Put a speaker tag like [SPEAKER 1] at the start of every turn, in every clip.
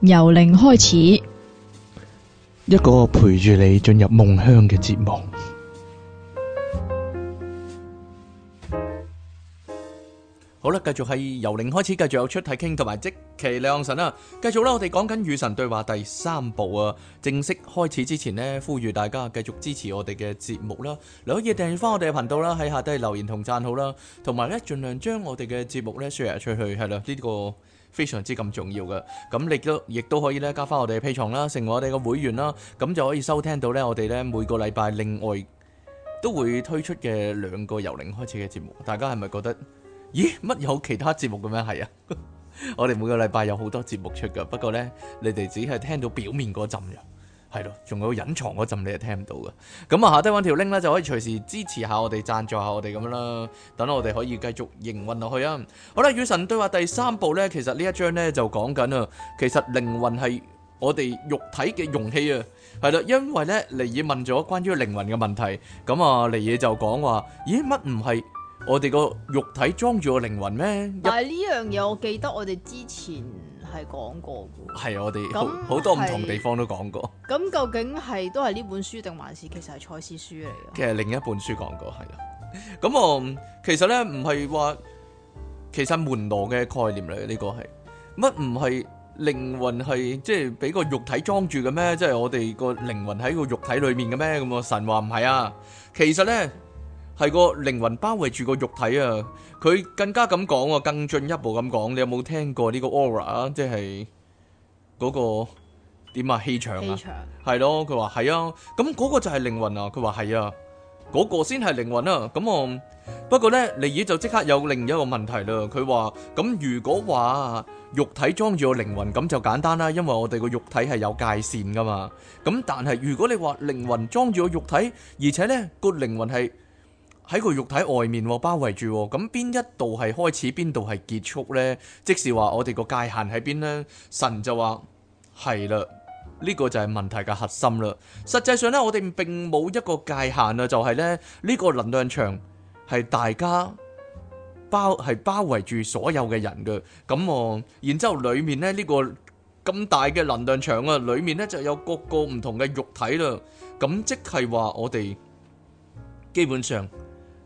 [SPEAKER 1] 由零開始，
[SPEAKER 2] 一個陪住你進入夢鄉嘅節目。好啦，繼續係由零開始，繼續有出嚟傾，同埋即其亮神啊！繼續啦，我哋講緊與神對話第三部啊！正式開始之前呢，呼籲大家繼續支持我哋嘅節目啦，你可以訂閱翻我哋嘅頻道啦，喺下低留言同讚好啦，同埋呢，盡量將我哋嘅節目呢 share 出去，係啦呢個。非常之咁重要嘅，咁你都亦都可以咧加翻我哋嘅 Patreon 啦，成為我哋嘅會員啦，咁就可以收聽到咧我哋咧每個禮拜另外都會推出嘅兩個由零開始嘅節目。大家係咪覺得？咦，乜有其他節目嘅咩？係啊， 我哋每個禮拜有好多節目出㗎，不過呢，你哋只係聽到表面嗰陣。係咯，仲有隱藏嗰陣你係聽唔到嘅，咁啊下低揾條 link 咧就可以隨時支持下我哋，贊助下我哋咁啦，等我哋可以繼續營運落去啊！好啦，與神對話第三部咧，其實呢一章咧就講緊啊，其實靈魂係我哋肉體嘅容器啊，係啦，因為咧尼爾問咗關於靈魂嘅問題，咁啊尼爾就講話，咦乜唔係我哋個肉體裝住個靈魂咩？
[SPEAKER 1] 但係呢樣嘢，我記得我哋之前，係
[SPEAKER 2] 講過嘅，係我哋好多唔同地方都講過。
[SPEAKER 1] 咁究竟係都係呢本書定還是其實係賽斯書嚟
[SPEAKER 2] 嘅？其實另一本書講過係啦。咁我其實咧唔係話，其實門羅嘅概念嚟呢個係乜唔係靈魂係即係俾個肉體裝住嘅咩？即係我哋個靈魂喺個肉體裏面嘅咩？咁啊神話唔係啊，其實咧。係個靈魂包圍住個肉體啊！佢更加咁講喎，更進一步咁講，你有冇聽過呢個 Aura 啊？即係嗰個點啊？氣場啊，係咯。佢話係啊，咁嗰個就係靈魂啊。佢話係啊，嗰個先係靈魂啊。咁我不過咧，尼爾就即刻有另一個問題啦。佢話咁如果話肉體裝住個靈魂，咁就簡單啦，因為我哋個肉體係有界線噶嘛。咁但係如果你話靈魂裝住個肉體，而且咧個靈魂係，喺個肉體外面包圍住，咁邊一度係開始，邊度係結束呢？即是話我哋個界限喺邊呢？神就話係啦，呢個就係問題嘅核心啦。實際上呢，我哋並冇一個界限啊，就係咧呢個能量場係大家包係包圍住所有嘅人嘅。咁啊，然之後裏面呢，呢個咁大嘅能量場啊，裏面呢就有各個唔同嘅肉體啦。咁即係話我哋基本上。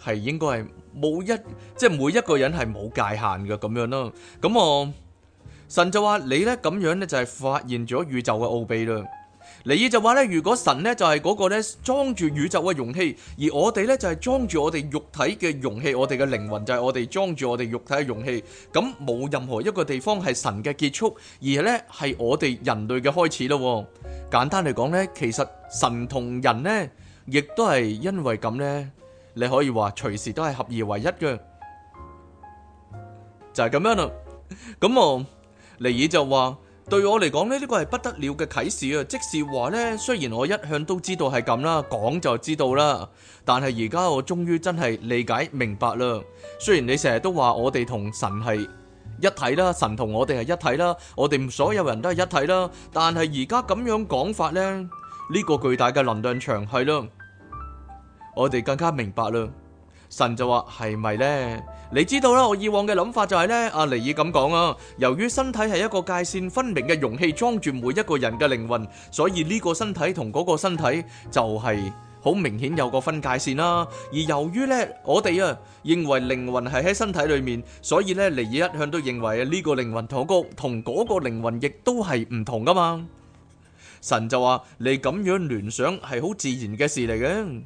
[SPEAKER 2] 係應該係冇一即係每一個人係冇界限嘅咁樣咯。咁我神就話你咧咁樣咧就係發現咗宇宙嘅奧秘啦。你就話咧，如果神咧就係嗰個咧裝住宇宙嘅容器，而我哋咧就係裝住我哋肉體嘅容器，我哋嘅靈魂就係我哋裝住我哋肉體嘅容器。咁冇任何一個地方係神嘅結束，而咧係我哋人類嘅開始咯。簡單嚟講咧，其實神同人咧亦都係因為咁咧。你可以話隨時都係合而為一嘅，就係、是、咁樣啦。咁 我、嗯、尼爾就話：對我嚟講呢，呢、這個係不得了嘅啟示啊！即是話呢，雖然我一向都知道係咁啦，講就知道啦，但係而家我終於真係理解明白啦。雖然你成日都話我哋同神係一體啦，神同我哋係一體啦，我哋所有人都係一體啦，但係而家咁樣講法呢，呢、這個巨大嘅能量場係囉。我哋更加明白啦，神就話，係咪咧？你知道啦，我以往嘅諗法就係咧，阿尼爾咁講啊。由於身體係一個界線分明嘅容器，裝住每一個人嘅靈魂，所以呢個身體同嗰個身體就係好明顯有個分界線啦。而由於咧，我哋啊認為靈魂係喺身體裏面，所以咧尼爾一向都認為啊呢個靈魂同嗰同嗰個靈魂亦都係唔同噶嘛。神就話，你咁樣聯想係好自然嘅事嚟嘅。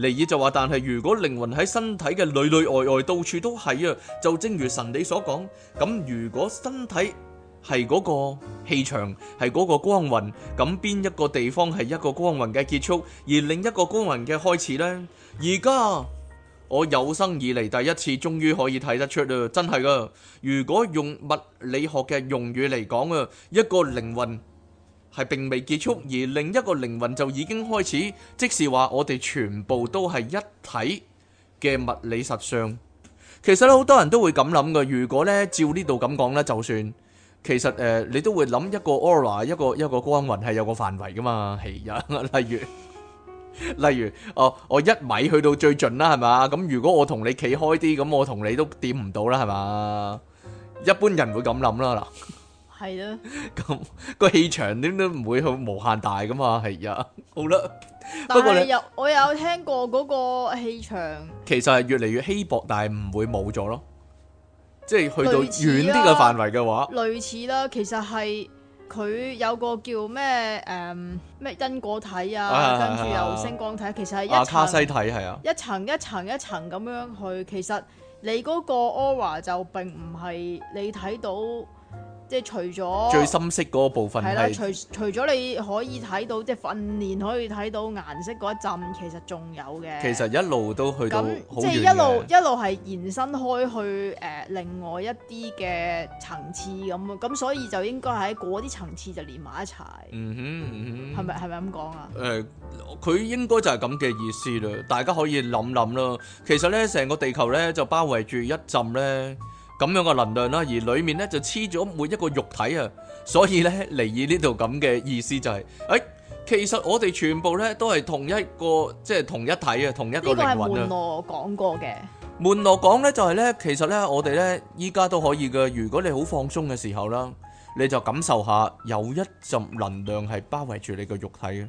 [SPEAKER 2] 尼爾就話：但係如果靈魂喺身體嘅裡裡外外到處都係啊，就正如神你所講，咁如果身體係嗰個氣場，係嗰個光雲，咁邊一個地方係一個光雲嘅結束，而另一個光雲嘅開始呢？而家我有生以來第一次，終於可以睇得出啊！真係噶，如果用物理學嘅用語嚟講啊，一個靈魂。係並未結束，而另一個靈魂就已經開始。即是話我哋全部都係一體嘅物理實相。其實咧好多人都會咁諗嘅。如果咧照呢度咁講咧，就算其實誒，你都會諗一個 aura，一個一個光暈係有個範圍噶嘛。係啊，例如例如，哦，我一米去到最盡啦，係嘛？咁如果我同你企開啲，咁我同你都點唔到啦，係嘛？一般人會咁諗啦嗱。
[SPEAKER 1] 係咯，咁、
[SPEAKER 2] 嗯那個氣場點都唔會去無限大噶嘛，係啊，好啦，但是 不過你
[SPEAKER 1] 我有聽過嗰個氣場，
[SPEAKER 2] 其實係越嚟越稀薄，但係唔會冇咗咯。即係去到遠啲嘅範圍嘅話
[SPEAKER 1] 類、啊，類似啦、啊。其實係佢有個叫咩誒咩因果體啊，啊跟住有星光體，啊、其實係一層、啊、一層一層咁樣去。其實你嗰個 Aura 就並唔係你睇到。即係除咗最深
[SPEAKER 2] 色嗰部分係啦、啊，除
[SPEAKER 1] 除咗你可以睇到即係、嗯、訓練可以睇到顏色嗰一浸，其實仲有嘅。其實
[SPEAKER 2] 一路都去到即係一路一
[SPEAKER 1] 路係延伸開去誒、呃、另外一啲嘅層次咁啊，咁所以就應該喺嗰啲層次就連埋一齊、
[SPEAKER 2] 嗯。嗯哼，嗯係咪
[SPEAKER 1] 係咪咁講啊？
[SPEAKER 2] 誒、呃，佢應該就係咁嘅意思啦。大家可以諗諗囉。其實咧，成個地球咧就包圍住一浸咧。咁樣嘅能量啦，而裏面咧就黐咗每一個肉體啊，所以咧嚟以呢度咁嘅意思就係，誒、其實我哋全部咧都係同一個，即係同一體啊，同一個靈魂啊。呢個係門羅
[SPEAKER 1] 講過嘅。
[SPEAKER 2] 門羅講咧就係咧，其實咧我哋咧依家都可以嘅，如果你好放鬆嘅時候啦，你就感受下有一陣能量係包圍住你嘅肉體嘅，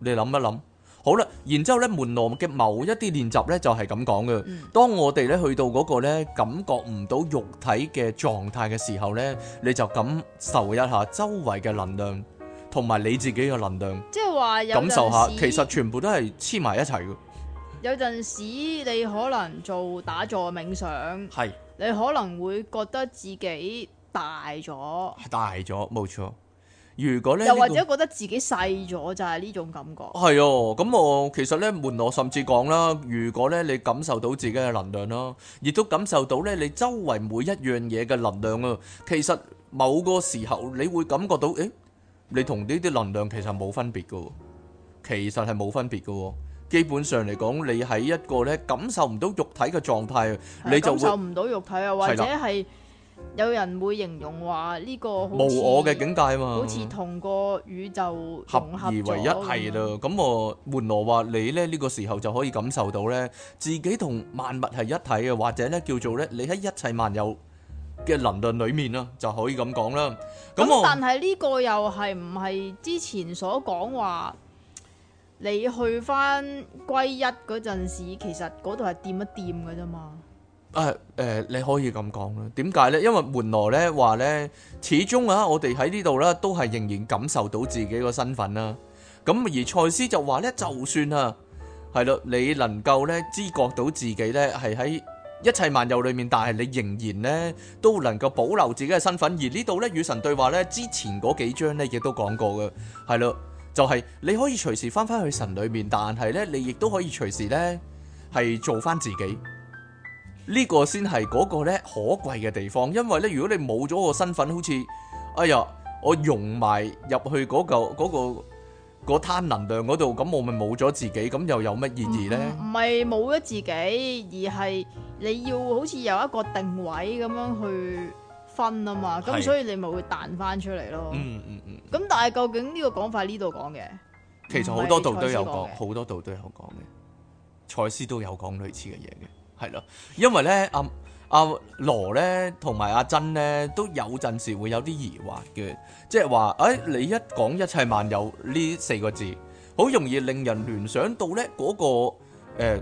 [SPEAKER 2] 你諗一諗。好啦，然之後咧，門羅嘅某一啲練習咧就係咁講嘅。當我哋咧去到嗰個咧感覺唔到肉體嘅狀態嘅時候咧，你就感受一下周圍嘅能量同埋你自己嘅能量，即
[SPEAKER 1] 係話感受下，其實
[SPEAKER 2] 全部都係黐埋一齊嘅。
[SPEAKER 1] 有陣時你可能做打坐冥想，係你可能會覺得自己大咗，
[SPEAKER 2] 大咗，冇錯。如果咧、這個，又或者覺
[SPEAKER 1] 得自己細咗，就係呢種感覺。係
[SPEAKER 2] 哦、啊，咁我其實呢，門羅甚至講啦，如果咧你感受到自己嘅能量啦，亦都感受到咧你周圍每一樣嘢嘅能量啊，其實某個時候你會感覺到，誒、欸，你同呢啲能量其實冇分別㗎，其實係冇分別㗎，基本上嚟講，你喺一個咧感受唔到肉體嘅狀態，的你就感受
[SPEAKER 1] 唔到肉體啊，或者係。有人會形容話呢、這個好似無我嘅
[SPEAKER 2] 境界嘛，好似同
[SPEAKER 1] 個宇宙合，合而為一係
[SPEAKER 2] 啦。咁樣我門羅話你咧呢、這個時候就可以感受到咧，自己同萬物係一體嘅，或者咧叫做咧你喺一切萬有嘅理論裏面啦，就可以咁講啦。咁但係
[SPEAKER 1] 呢個又係唔係之前所講話你去翻歸一嗰陣時，其實嗰度係掂一掂嘅啫嘛。
[SPEAKER 2] 啊誒、呃，你可以咁講啦？點解呢？因為門羅咧，話咧，始終啊，我哋喺呢度咧都係仍然感受到自己個身份啦、啊。咁而賽斯就話呢，就算啊，係咯，你能夠咧知覺到自己咧係喺一切萬有裏面，但係你仍然呢，都能夠保留自己嘅身份。而呢度呢，與神對話呢，之前嗰幾章呢，亦都講過嘅，係咯，就係、是、你可以隨時翻翻去神裏面，但係呢，你亦都可以隨時呢，係做翻自己。個個呢個先係嗰個可貴嘅地方，因為咧，如果你冇咗個身份，好似哎呀，我融埋入去嗰嚿嗰個攤、嗰個嗰個嗰個、能量嗰度，咁我咪冇咗自己，咁又有乜意義呢？
[SPEAKER 1] 唔係冇咗自己，而係你要好似有一個定位咁樣去分啊嘛，咁是所以你咪會彈翻出嚟咯。嗯嗯嗯。咁、嗯嗯、但係究竟呢個講法呢度講嘅，其實好多度都有講，
[SPEAKER 2] 好是多度都有講嘅。賽斯都有講類似嘅嘢嘅。係咯，因為咧阿阿羅咧同埋阿珍咧都有陣時會有啲疑惑嘅，即係話誒你一講一切萬有呢四個字，好容易令人聯想到咧嗰個誒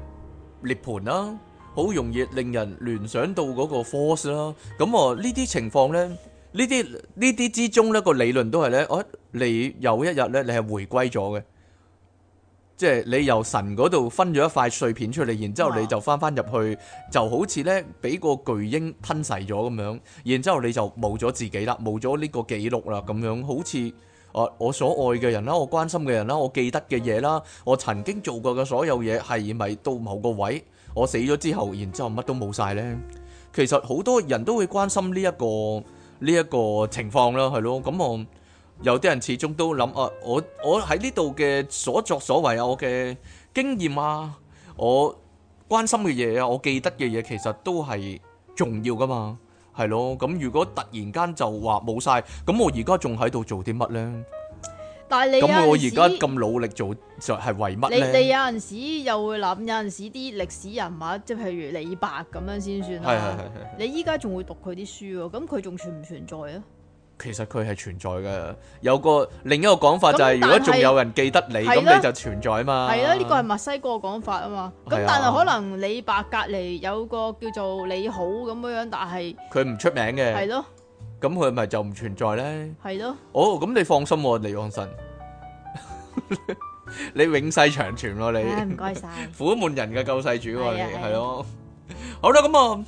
[SPEAKER 2] 涅槃啦，好容易令人聯想到嗰個 force 啦。咁我呢啲情況咧，呢啲呢啲之中咧個理論都係咧，誒你有一日咧你係迴歸咗嘅。即係你由神嗰度分咗一塊碎片出嚟，然之後你就翻翻入去，就好似呢俾個巨嬰吞噬咗咁樣，然之後你就冇咗自己啦，冇咗呢個記錄啦，咁樣好似，啊、我所愛嘅人啦，我關心嘅人啦，我記得嘅嘢啦，我曾經做過嘅所有嘢，係咪到某個位我死咗之後，然之後乜都冇晒呢？其實好多人都會關心呢、呢、一個呢一、呢個情況啦，係咯，咁我。有啲人始終都諗啊，我我喺呢度嘅所作所為啊，我嘅經驗啊，我關心嘅嘢啊，我記得嘅嘢，其實都係重要噶嘛，係咯。咁如果突然間就話冇晒，咁我而家仲喺度做啲乜咧？但係你咁我而家咁努力做，就係為乜？你哋
[SPEAKER 1] 有陣時又會諗，有陣時啲歷史人物，即係譬如李白咁樣先算啦。係係係係。你依家仲會讀佢啲書啊？咁佢仲存唔存在啊？
[SPEAKER 2] 其實佢係存在㗎，有個另一個講法就係，如果仲有人記得你，咁你就存在啊嘛。係咯，呢個係
[SPEAKER 1] 墨西哥嘅講法啊嘛。咁但係可能李白隔籬有個叫做你好咁樣樣，但係
[SPEAKER 2] 佢唔出名嘅，咁佢係咪就唔存在咧？係咯。哦，咁你放心喎，李光神，你永世長存咯，你。唔該晒。虎門人嘅救世主，你，係咯。好啦，咁啊，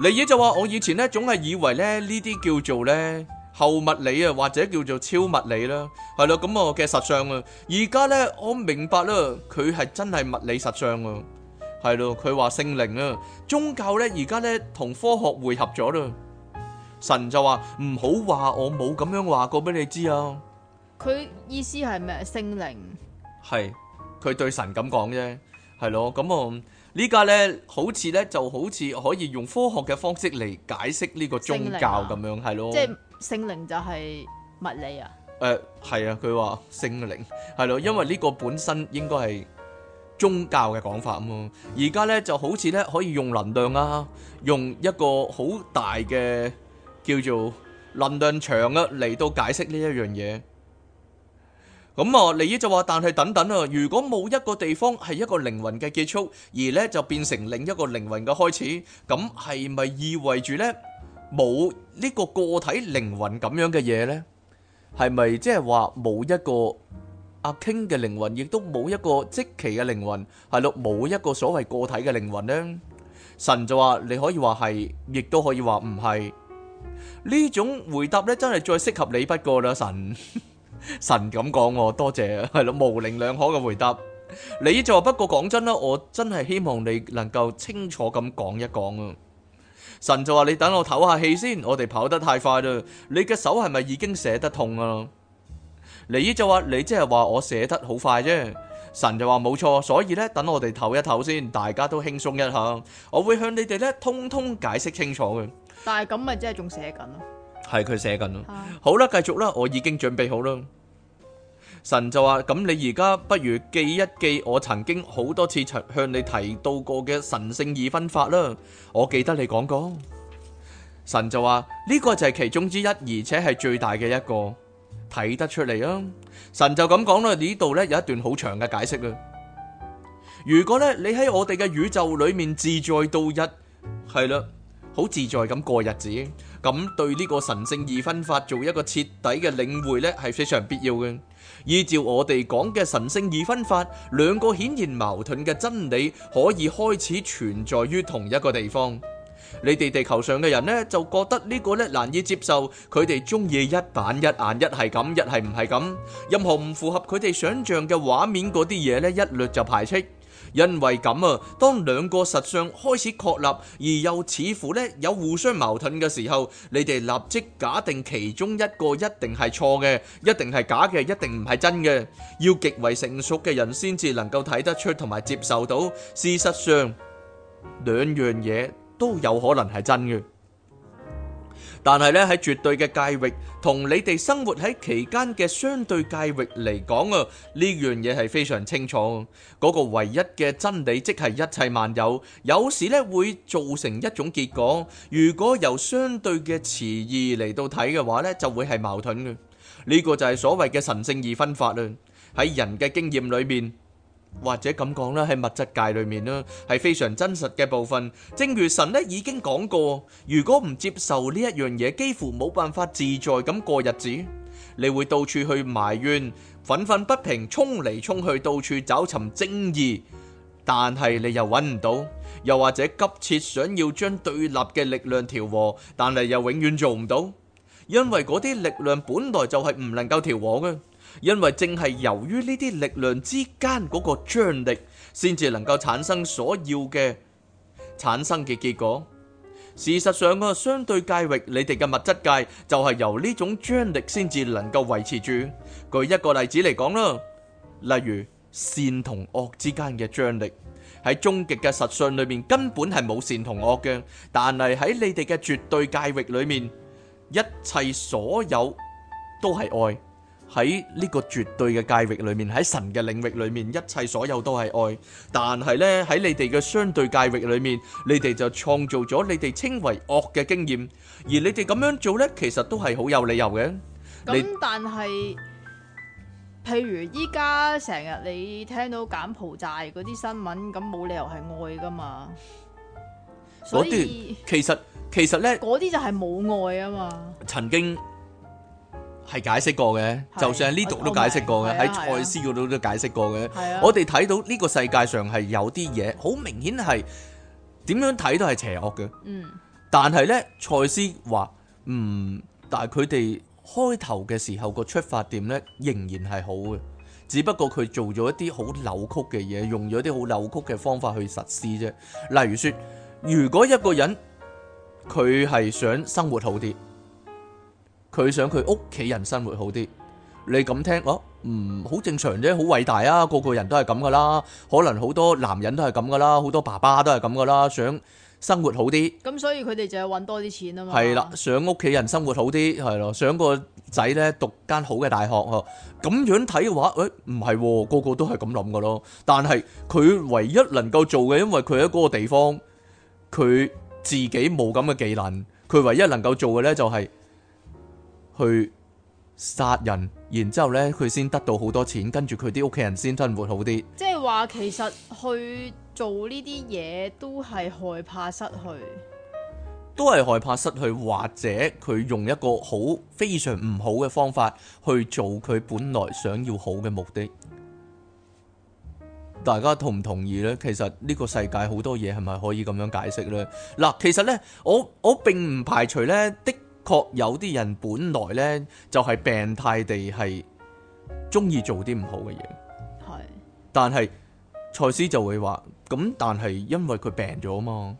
[SPEAKER 2] 李野就話：我以前咧，總係以為咧呢啲叫做咧。後物理啊，或者叫做超物理啦，係咯咁我嘅實相啊。而家咧，我明白啦，佢係真係物理實相啊。係咯，佢話聖靈啊，宗教咧，而家咧同科學匯合咗啦。神就話唔好話我冇咁樣話過俾你知啊。
[SPEAKER 1] 佢意思係咩？聖靈？
[SPEAKER 2] 係，佢對神咁講啫。係咯，咁啊，而家咧好似咧就好似可以用科學嘅方式嚟解釋呢個宗教咁樣，係咯。
[SPEAKER 1] 聖靈就係物理啊？
[SPEAKER 2] 誒，係啊，佢話聖靈係咯，因為呢個本身應該係宗教嘅講法啊嘛。而家呢就好似呢可以用能量啊，用一個好大嘅叫做能量場啊嚟到解釋呢一樣嘢。咁啊，李姨就話：但係等等啊，如果冇一個地方係一個靈魂嘅結束，而呢就變成另一個靈魂嘅開始，咁係咪意味住呢？冇呢個個體靈魂咁樣嘅嘢咧，係咪即係話冇一個阿 King 嘅靈魂，亦都冇一個積奇嘅靈魂，係咯，冇一個所謂個體嘅靈魂咧？神就話，你可以話係，亦都可以話唔係。呢種回答咧，真係再適合你不過啦。神神咁講，多謝係咯，模稜兩可嘅回答。你就話不過講真啦，我真係希望你能夠清楚咁講一講。神就話：你等我唞下氣先，我哋跑得太快啦。你嘅手係咪已經寫得痛啊？尼爾就話：你即係話我寫得好快啫。神就話：冇錯，所以咧，等我哋唞一唞先，大家都輕鬆一下，我會向你哋咧通通解釋清楚嘅。
[SPEAKER 1] 但係咁咪即係仲寫緊咯？
[SPEAKER 2] 係佢寫緊咯。啊、好啦，繼續啦，我已經準備好啦。神就話：咁你而家不如記一記我曾經好多次向你提到過嘅神聖二分法啦。我記得你講過，神就話呢個就係其中之一，而且係最大嘅一個，睇得出嚟啦。神就咁講啦。呢度呢有一段好長嘅解釋啦。如果呢，你喺我哋嘅宇宙裏面自在度日，係啦，好自在咁過日子，咁對呢個神聖二分法做一個徹底嘅領會呢，係非常必要嘅。依照我哋講嘅神聖二分法，兩個顯然矛盾嘅真理可以開始存在於同一個地方。你哋地球上嘅人呢，就覺得呢個呢難以接受，佢哋中意一板一眼，一係咁，一係唔係咁，任何唔符合佢哋想象嘅畫面嗰啲嘢呢，一律就排斥。因為咁啊，當兩個實相開始確立，而又似乎呢有互相矛盾嘅時候，你哋立即假定其中一個一定係錯嘅，一定係假嘅，一定唔係真嘅。要極為成熟嘅人先至能夠睇得出同埋接受到，事實上兩樣嘢都有可能係真嘅。但係咧，喺絕對嘅界域同你哋生活喺其間嘅相對界域嚟講啊，呢樣嘢係非常清楚。嗰、那個唯一嘅真理即係一切萬有，有時咧，會造成一種結果。如果由相對嘅詞義嚟到睇嘅話咧，就會係矛盾嘅。呢、這個就係所謂嘅神聖二分法啦。喺人嘅經驗裏面。或者咁講啦，喺物質界裏面呢係非常真實嘅部分。正如神呢已經講過，如果唔接受呢一樣嘢，幾乎冇辦法自在咁過日子。你會到處去埋怨，憤憤不平，衝嚟衝去，到處找尋正義，但係你又搵唔到。又或者急切想要將對立嘅力量調和，但係又永遠做唔到，因為嗰啲力量本來就係唔能夠調和嘅。因為正係由於呢啲力量之間嗰個張力，先至能夠產生所要嘅產生嘅結果。事實上，個相對界域你哋嘅物質界就係由呢種張力先至能夠維持住。舉一個例子嚟講啦，例如善同惡之間嘅張力，喺終極嘅實相裏面根本係冇善同惡嘅，但係喺你哋嘅絕對界域裏面，一切所有都係愛。喺呢個絕對嘅界域裏面，喺神嘅領域裏面，一切所有都係愛。但係呢，喺你哋嘅相對界域裏面，你哋就創造咗你哋稱為惡嘅經驗。而你哋咁樣做呢，其實都係好有理由嘅。咁
[SPEAKER 1] 但係，譬如依家成日你聽到柬埔寨嗰啲新聞，咁冇理由係愛噶嘛？
[SPEAKER 2] 所以嗰啲，其實其實呢，嗰
[SPEAKER 1] 啲就係冇愛啊嘛。
[SPEAKER 2] 曾經。係解釋過嘅，是就算喺呢度都解釋過嘅，喺賽斯嗰度都解釋過嘅。我哋睇、啊、到呢個世界上係有啲嘢好明顯係點樣睇都係邪惡嘅，嗯。嗯，但係呢，賽斯話唔，但係佢哋開頭嘅時候個出發點呢，仍然係好嘅。只不過佢做咗一啲好扭曲嘅嘢，用咗啲好扭曲嘅方法去實施啫。例如說，如果一個人佢係想生活好啲。佢想佢屋企人生活好啲，你咁聽哦、啊，嗯，好正常啫，好偉大啊。個個人都係咁噶啦可能好多男人都係咁噶啦好多爸爸都係咁噶啦想生活好啲。
[SPEAKER 1] 咁所以佢哋就係揾多啲錢啊嘛。係
[SPEAKER 2] 啦，想屋企人生活好啲，係咯，想個仔呢讀間好嘅大學呵。咁樣睇嘅話，誒、欸，唔係個個都係咁諗噶咯。但係佢唯一能夠做嘅，因為佢喺嗰個地方，佢自己冇咁嘅技能，佢唯一能夠做嘅呢、就是，就係。去殺人，然之後呢，佢先得到好多錢，跟住佢啲屋企人先生活好啲。
[SPEAKER 1] 即係話，其實去做呢啲嘢，都係害怕失去，
[SPEAKER 2] 都係害怕失去，或者佢用一個好，非常唔好嘅方法去做佢本來想要好嘅目的。大家同唔同意呢？其實呢個世界好多嘢，係咪可以咁樣解釋呢？嗱，其實呢，我我並唔排除呢的。確有啲人本來呢，就係、是、病態地係中意做啲唔好嘅嘢，係是。但係賽斯就會話：咁但係因為佢病咗嘛，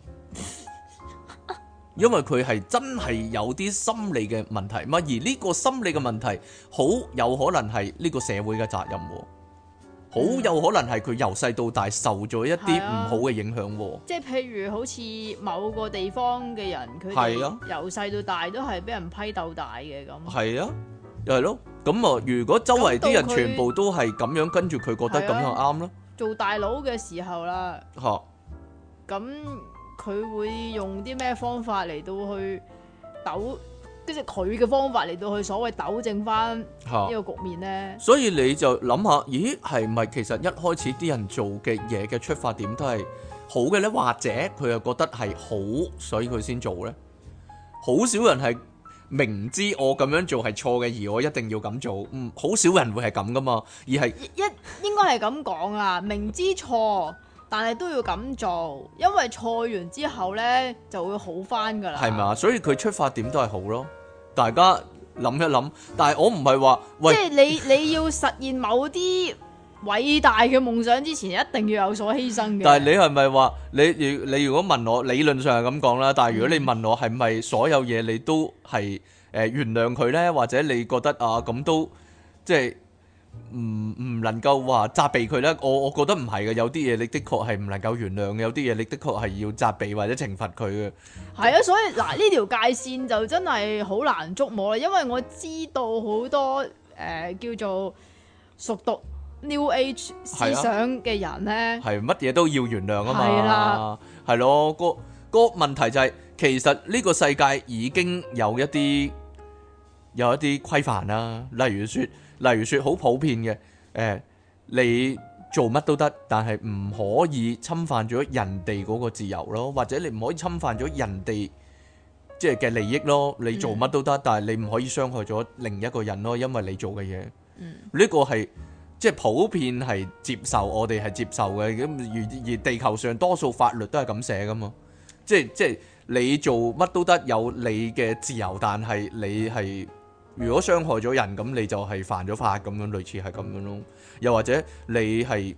[SPEAKER 2] 因為佢係真係有啲心理嘅問題，乜而呢個心理嘅問題好有可能係呢個社會嘅責任，啊。好有可能係佢由細到大受咗一啲唔好嘅影響喎。
[SPEAKER 1] 即係譬如好似某個地方嘅人，佢由細到大都係俾人批鬥大嘅咁。
[SPEAKER 2] 係啊，又係咯。咁啊，如果周圍啲人全部都係咁樣跟住佢，覺得咁樣啱咯。
[SPEAKER 1] 做大佬嘅時候啦，吓，咁佢會用啲咩方法嚟到去鬥？跟住佢嘅方法嚟到去，所謂糾正翻呢個局面呢。啊，
[SPEAKER 2] 所以你就諗下，咦，係咪其實一開始啲人做嘅嘢嘅出發點都係好嘅呢？或者佢又覺得係好，所以佢先做呢？好少人係明知我咁樣做係錯嘅，而我一定要咁做。嗯，好少人會係咁噶嘛？而係
[SPEAKER 1] 一應該係咁講啊，明知錯，但係都要咁做，因為錯完之後呢就會好翻噶
[SPEAKER 2] 啦。係嘛？所以佢出發點都係好咯。大家諗一諗，但係我唔係話，即係
[SPEAKER 1] 你你要實現某啲偉大嘅夢想之前，一定要有所犧牲嘅。但係你
[SPEAKER 2] 係咪話，你如你如果問我，理論上係咁講啦，但係如果你問我係咪所有嘢你都係誒、呃、原諒佢呢？或者你覺得啊咁都即係唔唔能夠話責備佢呢？我我覺得唔係嘅，有啲嘢你的確係唔能夠原諒嘅，有啲嘢你的確係要責備或者懲罰佢嘅。係啊，就所以
[SPEAKER 1] 嗱呢、啊、條界線就真係好難捉摸啦，因為我知道好多誒、呃、叫做熟讀 New Age 思想嘅人呢，
[SPEAKER 2] 係乜嘢都要原諒啊嘛，係咯、啊，個個、啊啊、問題就係、是、其實呢個世界已經有一啲有一啲規範啦、啊，例如說。例如說好普遍嘅，誒、欸，你做乜都得，但係唔可以侵犯咗人哋嗰個自由咯，或者你唔可以侵犯咗人哋即係嘅利益咯。你做乜都得，但係你唔可以傷、嗯、害咗另一個人咯，因為你做嘅嘢。嗯，呢個係即係普遍係接受，我哋係接受嘅。咁而而地球上多數法律都係咁寫噶嘛，即係即係你做乜都得，有你嘅自由，但係你係。如果傷害咗人，咁你就係犯咗法，咁樣類似係咁樣咯。又或者你係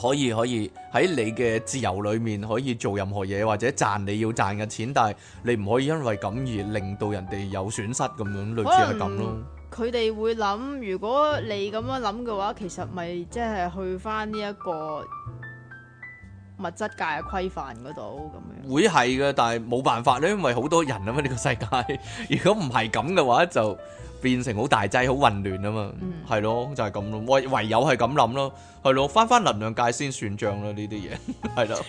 [SPEAKER 2] 可以可以喺你嘅自由裏面可以做任何嘢，或者賺你要賺嘅錢，但係你唔可以因為咁而令到人哋有損失，咁樣類似係咁咯。
[SPEAKER 1] 佢哋會諗，如果你咁樣諗嘅話，其實咪即係去返呢一個物質界嘅規範嗰度咁樣，
[SPEAKER 2] 會係嘅，但係冇辦法咧，因為好多人啊嘛，呢個世界如果唔係咁嘅話，就變成好大劑、好混亂啊嘛，係咯，就係咁咯，唯唯有係咁諗咯，係咯，翻翻能量界先算賬啦，呢啲嘢係咯。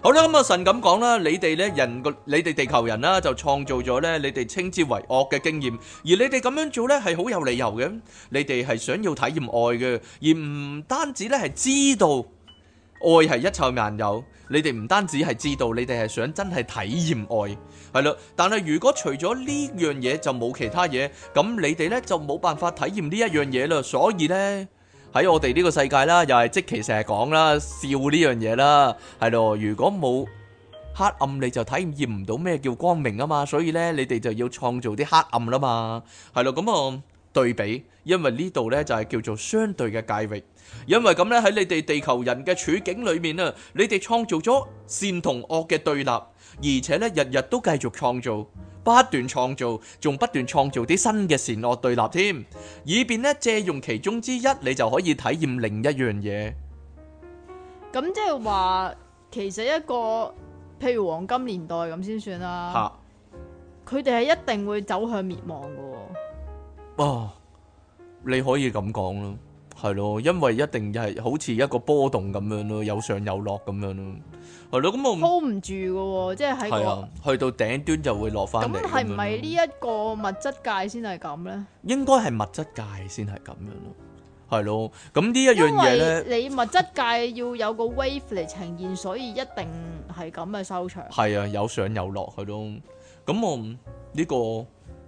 [SPEAKER 2] 好啦，咁啊神咁講啦，你哋咧人個，你哋地球人啦，就創造咗咧，你哋稱之為惡嘅經驗，而你哋咁樣做咧係好有理由嘅，你哋係想要體驗愛嘅，而唔單止咧係知道。愛係一切萬有，你哋唔單止係知道，你哋係想真係體驗愛，係咯。但係如果除咗呢樣嘢就冇其他嘢，咁你哋咧就冇辦法體驗呢一樣嘢啦。所以咧喺我哋呢個世界啦，又係即其成日講啦笑呢樣嘢啦，係咯。如果冇黑暗，你就體驗唔到咩叫光明啊嘛。所以咧，你哋就要創造啲黑暗啦嘛。係咯，咁啊對比，因為呢度咧就係叫做相對嘅界域。因為咁咧，喺你哋地球人嘅處境裏面啊，你哋創造咗善同惡嘅對立，而且咧日日都繼續創造，不斷創造，仲不斷創造啲新嘅善惡對立添，以便咧借用其中之一，你就可以體驗另一樣嘢。
[SPEAKER 1] 咁即係話，其實一個譬如黃金年代咁先算啦，吓，佢哋係一定會走向滅亡噶
[SPEAKER 2] 喎。哦，你可以咁講咯。係咯，因為一定係好似一個波動咁樣咯，有上有落咁樣咯。係咯，咁我 hold 唔
[SPEAKER 1] 住噶，即係喺。係啊，
[SPEAKER 2] 去到頂端就會落翻嚟。咁係唔
[SPEAKER 1] 係呢一個物質界先係咁咧？
[SPEAKER 2] 應該係物質界先係咁樣咯。係咯，咁呢一樣嘢。你
[SPEAKER 1] 物質界要有個 wave 嚟呈現，所以一定係咁嘅收場。
[SPEAKER 2] 係啊，有上有落，佢都咁我呢個。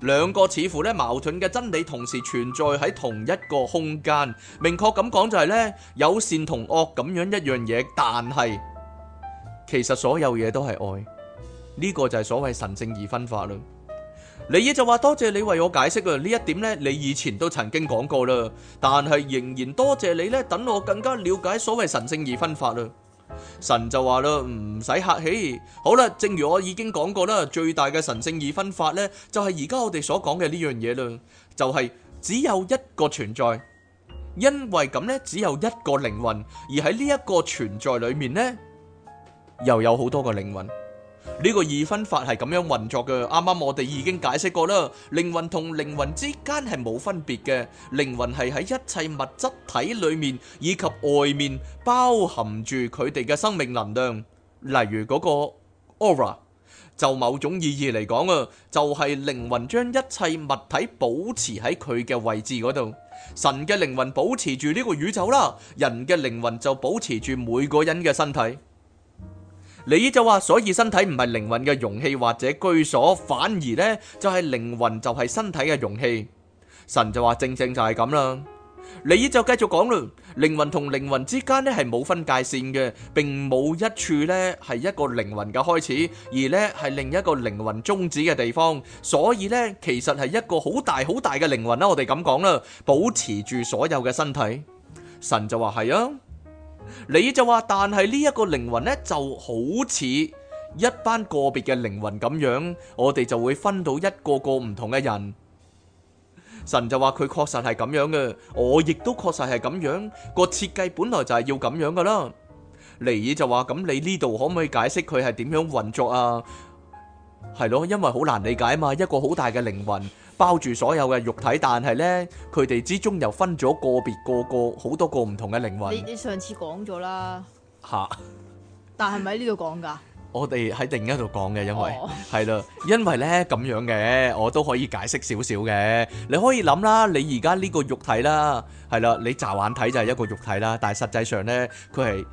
[SPEAKER 2] 兩個似乎咧矛盾嘅真理同時存在喺同一個空間。明確咁講就係咧，有善同惡咁樣一樣嘢，但係其實所有嘢都係愛。呢個就係所謂神聖二分法啦。李爾就話多謝你為我解釋啊，呢一點咧，你以前都曾經講過啦，但係仍然多謝你咧，等我更加了解所謂神聖二分法啦。神就話啦，唔使客氣。好啦，正如我已經講過啦，最大嘅神聖二分法呢，就係而家我哋所講嘅呢樣嘢啦，就係只有一個存在，因為咁呢，「只有一個靈魂」，而喺呢一個存在裏面呢，又有好多個靈魂。呢個二分法係咁樣運作嘅，啱啱我哋已經解釋過啦。靈魂同靈魂之間係冇分別嘅，靈魂係喺一切物質體裡面以及外面包含住佢哋嘅生命能量，例如嗰個 aura。就某種意義嚟講啊，就係、是、靈魂將一切物體保持喺佢嘅位置嗰度。神嘅靈魂保持住呢個宇宙啦，人嘅靈魂就保持住每個人嘅身體。李姨就話，所以身體唔係靈魂嘅容器或者居所，反而呢，就係靈魂就係身體嘅容器。神就話正正就係咁啦。李姨就繼續講啦，靈魂同靈魂之間呢係冇分界線嘅，並冇一處呢係一個靈魂嘅開始，而呢係另一個靈魂終止嘅地方。所以呢，其實係一個好大好大嘅靈魂啦，我哋咁講啦，保持住所有嘅身體。神就話係啊。你就話，但係呢一個靈魂呢，就好似一班個別嘅靈魂咁樣，我哋就會分到一個個唔同嘅人。神就話，佢確實係咁樣嘅，我亦都確實係咁樣，個設計本來就係要咁樣噶啦。尼爾就話，咁你呢度可唔可以解釋佢係點樣運作啊？係咯，因為好難理解嘛，一個好大嘅靈魂。包住所有嘅肉體，但係呢，佢哋之中又分咗個別個個好多個唔同嘅靈魂。你你
[SPEAKER 1] 上次講咗啦，吓？但係咪喺呢度講㗎？
[SPEAKER 2] 我哋喺另一度講嘅，因為係咯，因為呢咁樣嘅，我都可以解釋少少嘅。你可以諗啦，你而家呢個肉體啦，係啦，你眨眼睇就係一個肉體啦，但係實際上呢，佢係。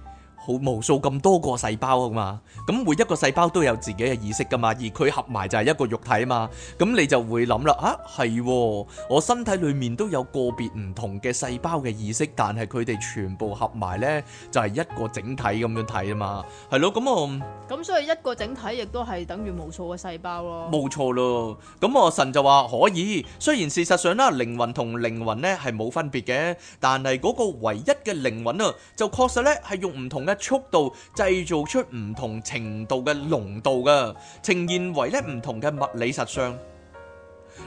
[SPEAKER 2] 好無數咁多個細胞啊嘛，咁每一個細胞都有自己嘅意識噶嘛，而佢合埋就係一個肉體啊嘛，咁你就會諗啦，啊，係，我身體裏面都有個別唔同嘅細胞嘅意識，但係佢哋全部合埋呢就係一個整體咁樣睇啊嘛，係咯，咁啊，
[SPEAKER 1] 咁所以一個整體亦都係等於無數嘅細胞咯，冇
[SPEAKER 2] 錯咯，咁啊神就話可以，雖然事實上啦靈魂同靈魂呢係冇分別嘅，但係嗰個唯一嘅靈魂啊就確實呢係用唔同嘅。速度製造出唔同程度嘅濃度嘅呈現為咧唔同嘅物理實相。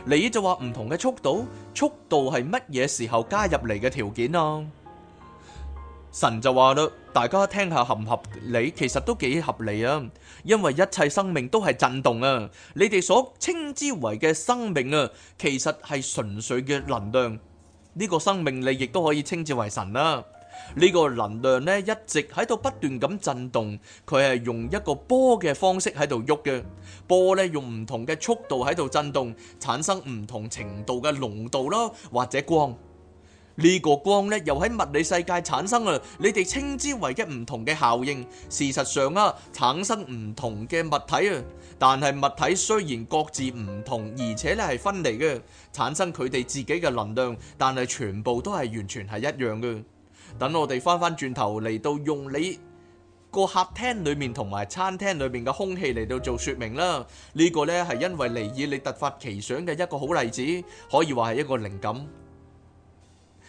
[SPEAKER 2] 你就話唔同嘅速度，速度係乜嘢時候加入嚟嘅條件啊？神就話啦，大家聽下合唔合理？其實都幾合理啊，因為一切生命都係震動啊。你哋所稱之為嘅生命啊，其實係純粹嘅能量。呢個生命你亦都可以稱之為神啦。呢個能量咧一直喺度不斷咁震動，佢係用一個波嘅方式喺度喐嘅。波咧用唔同嘅速度喺度震動，產生唔同程度嘅濃度咯，或者光。呢個光咧又喺物理世界產生啊，你哋稱之為一唔同嘅效應。事實上啊，產生唔同嘅物體啊，但係物體雖然各自唔同，而且咧係分離嘅，產生佢哋自己嘅能量，但係全部都係完全係一樣嘅。等我哋翻翻轉頭嚟到用你個客廳裏面同埋餐廳裏面嘅空氣嚟到做說明啦。呢個咧係因為尼爾你突發奇想嘅一個好例子，可以話係一個靈感。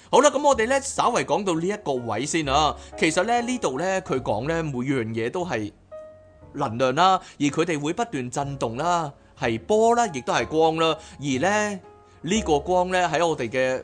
[SPEAKER 2] 好啦，咁我哋咧稍微講到呢一個位先啊。其實咧呢度咧佢講咧每樣嘢都係能量啦，而佢哋會不斷震動啦，係波啦，亦都係光啦。而咧呢個光咧喺我哋嘅。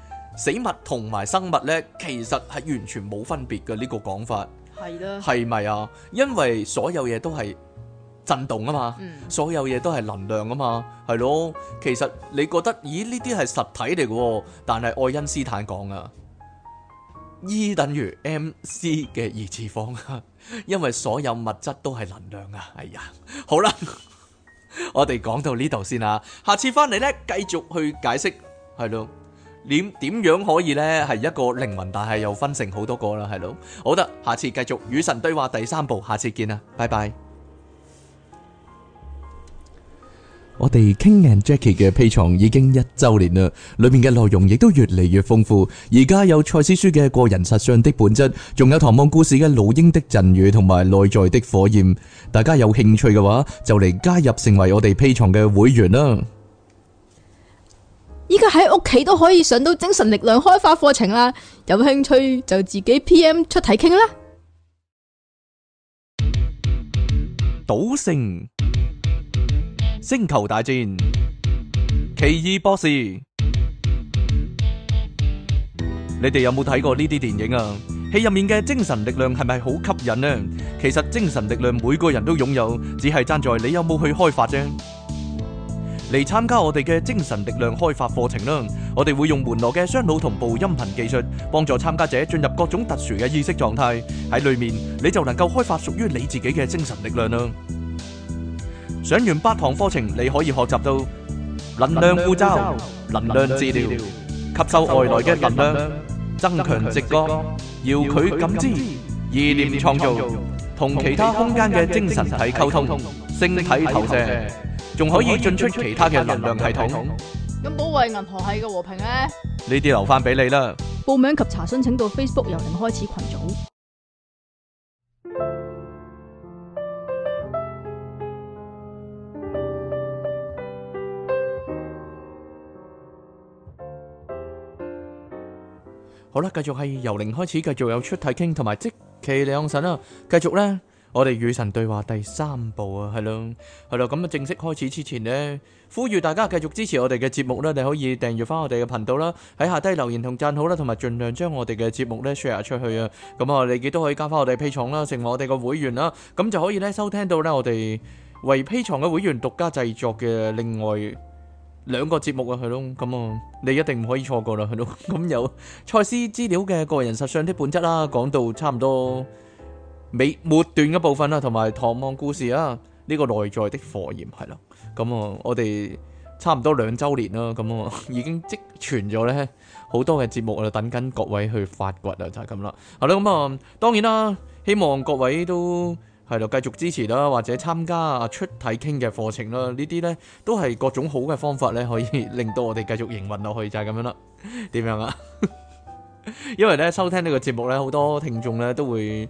[SPEAKER 2] 死物同埋生物咧，其實係完全冇分別嘅呢個講法，係啦，係咪啊？因為所有嘢都係震動啊嘛，所有嘢都係能量啊嘛，係咯。其實你覺得，咦？呢啲係實體嚟嘅，但係愛因斯坦講啊，E 等於 MC 嘅二次方，因為所有物質都係能量啊。哎呀，好啦，我哋講到呢度先啦，下次翻嚟咧，繼續去解釋，係咯。點點樣可以咧？係一個靈魂，但係又分成好多個啦，係咯。好得，下次繼續與神對話第三部，下次見啦，拜拜。我哋 King and Jackie 嘅 Patreon 已經一周年啦，裏面嘅內容亦都越嚟越豐富。而家有賽斯書嘅個人實相的本質，仲有唐望故事嘅老鷹的贈語同埋內在的火焰。大家有興趣嘅話，就嚟加入成為我哋 Patreon 嘅會員啦。
[SPEAKER 1] 依家喺屋企都可以上到精神力量開發課程啦，有興趣就自己 PM 出題傾啦。
[SPEAKER 2] 賭聖、星球大戰、奇異博士，你哋有冇睇過呢啲電影啊？戲入面嘅精神力量係咪好吸引呢？其實精神力量每個人都擁有，只係爭在你有冇去開發啫。嚟參加我哋嘅精神力量開發課程啦！我哋會用門羅嘅雙腦同步音頻技術，幫助參加者進入各種特殊嘅意識狀態。喺裏面你就能夠開發屬於你自己嘅精神力量啦！上完八堂課程，你可以學習到能量護罩、能量治療、吸收外來嘅能量、增強直覺、遙距感知、意念創造、同其他空間嘅精神體溝通、星體投射。仲可以進出其他嘅能量系統。
[SPEAKER 1] 咁保衛銀河系嘅和平咧？
[SPEAKER 2] 呢啲留翻俾你啦。
[SPEAKER 1] 報名及查詢請到 Facebook 由零開始群組。
[SPEAKER 2] 好啦，繼續係由零開始，繼續有出體傾同埋即期兩神啦。繼續咧。我哋與神對話第三部啊，係咯，係咯，咁啊正式開始之前呢，呼籲大家繼續支持我哋嘅節目啦，你可以訂閱翻我哋嘅頻道啦，喺下低留言同讚好啦，同埋盡量將我哋嘅節目咧 share 出去啊。咁、嗯、啊，你亦都可以加翻我哋 Patreon 啦，成為我哋嘅會員啦，咁、嗯、就可以咧收聽到咧我哋為 Patreon 嘅會員獨家製作嘅另外兩個節目啊，係咯，咁、嗯、啊、嗯、你一定唔可以錯過啦，係咯，咁、 嗯、有蔡司資料嘅個人實相的本質啦，講到差唔多。未末段嘅部分啦，同埋《唐望故事》啊，呢個內在的火焰係咯，咁啊，我哋差唔多兩周年啦，咁啊，已經積存咗咧好多嘅節目啊，等緊各位去發掘啊，就係咁啦。好啦，咁啊，當然啦，希望各位都係咯繼續支持啦，或者參加啊出體傾嘅課程啦，呢啲咧都係各種好嘅方法咧，可以令到我哋繼續營運落去，就係咁樣啦。點樣啊？因為咧收聽呢個節目咧，好多聽眾咧都會。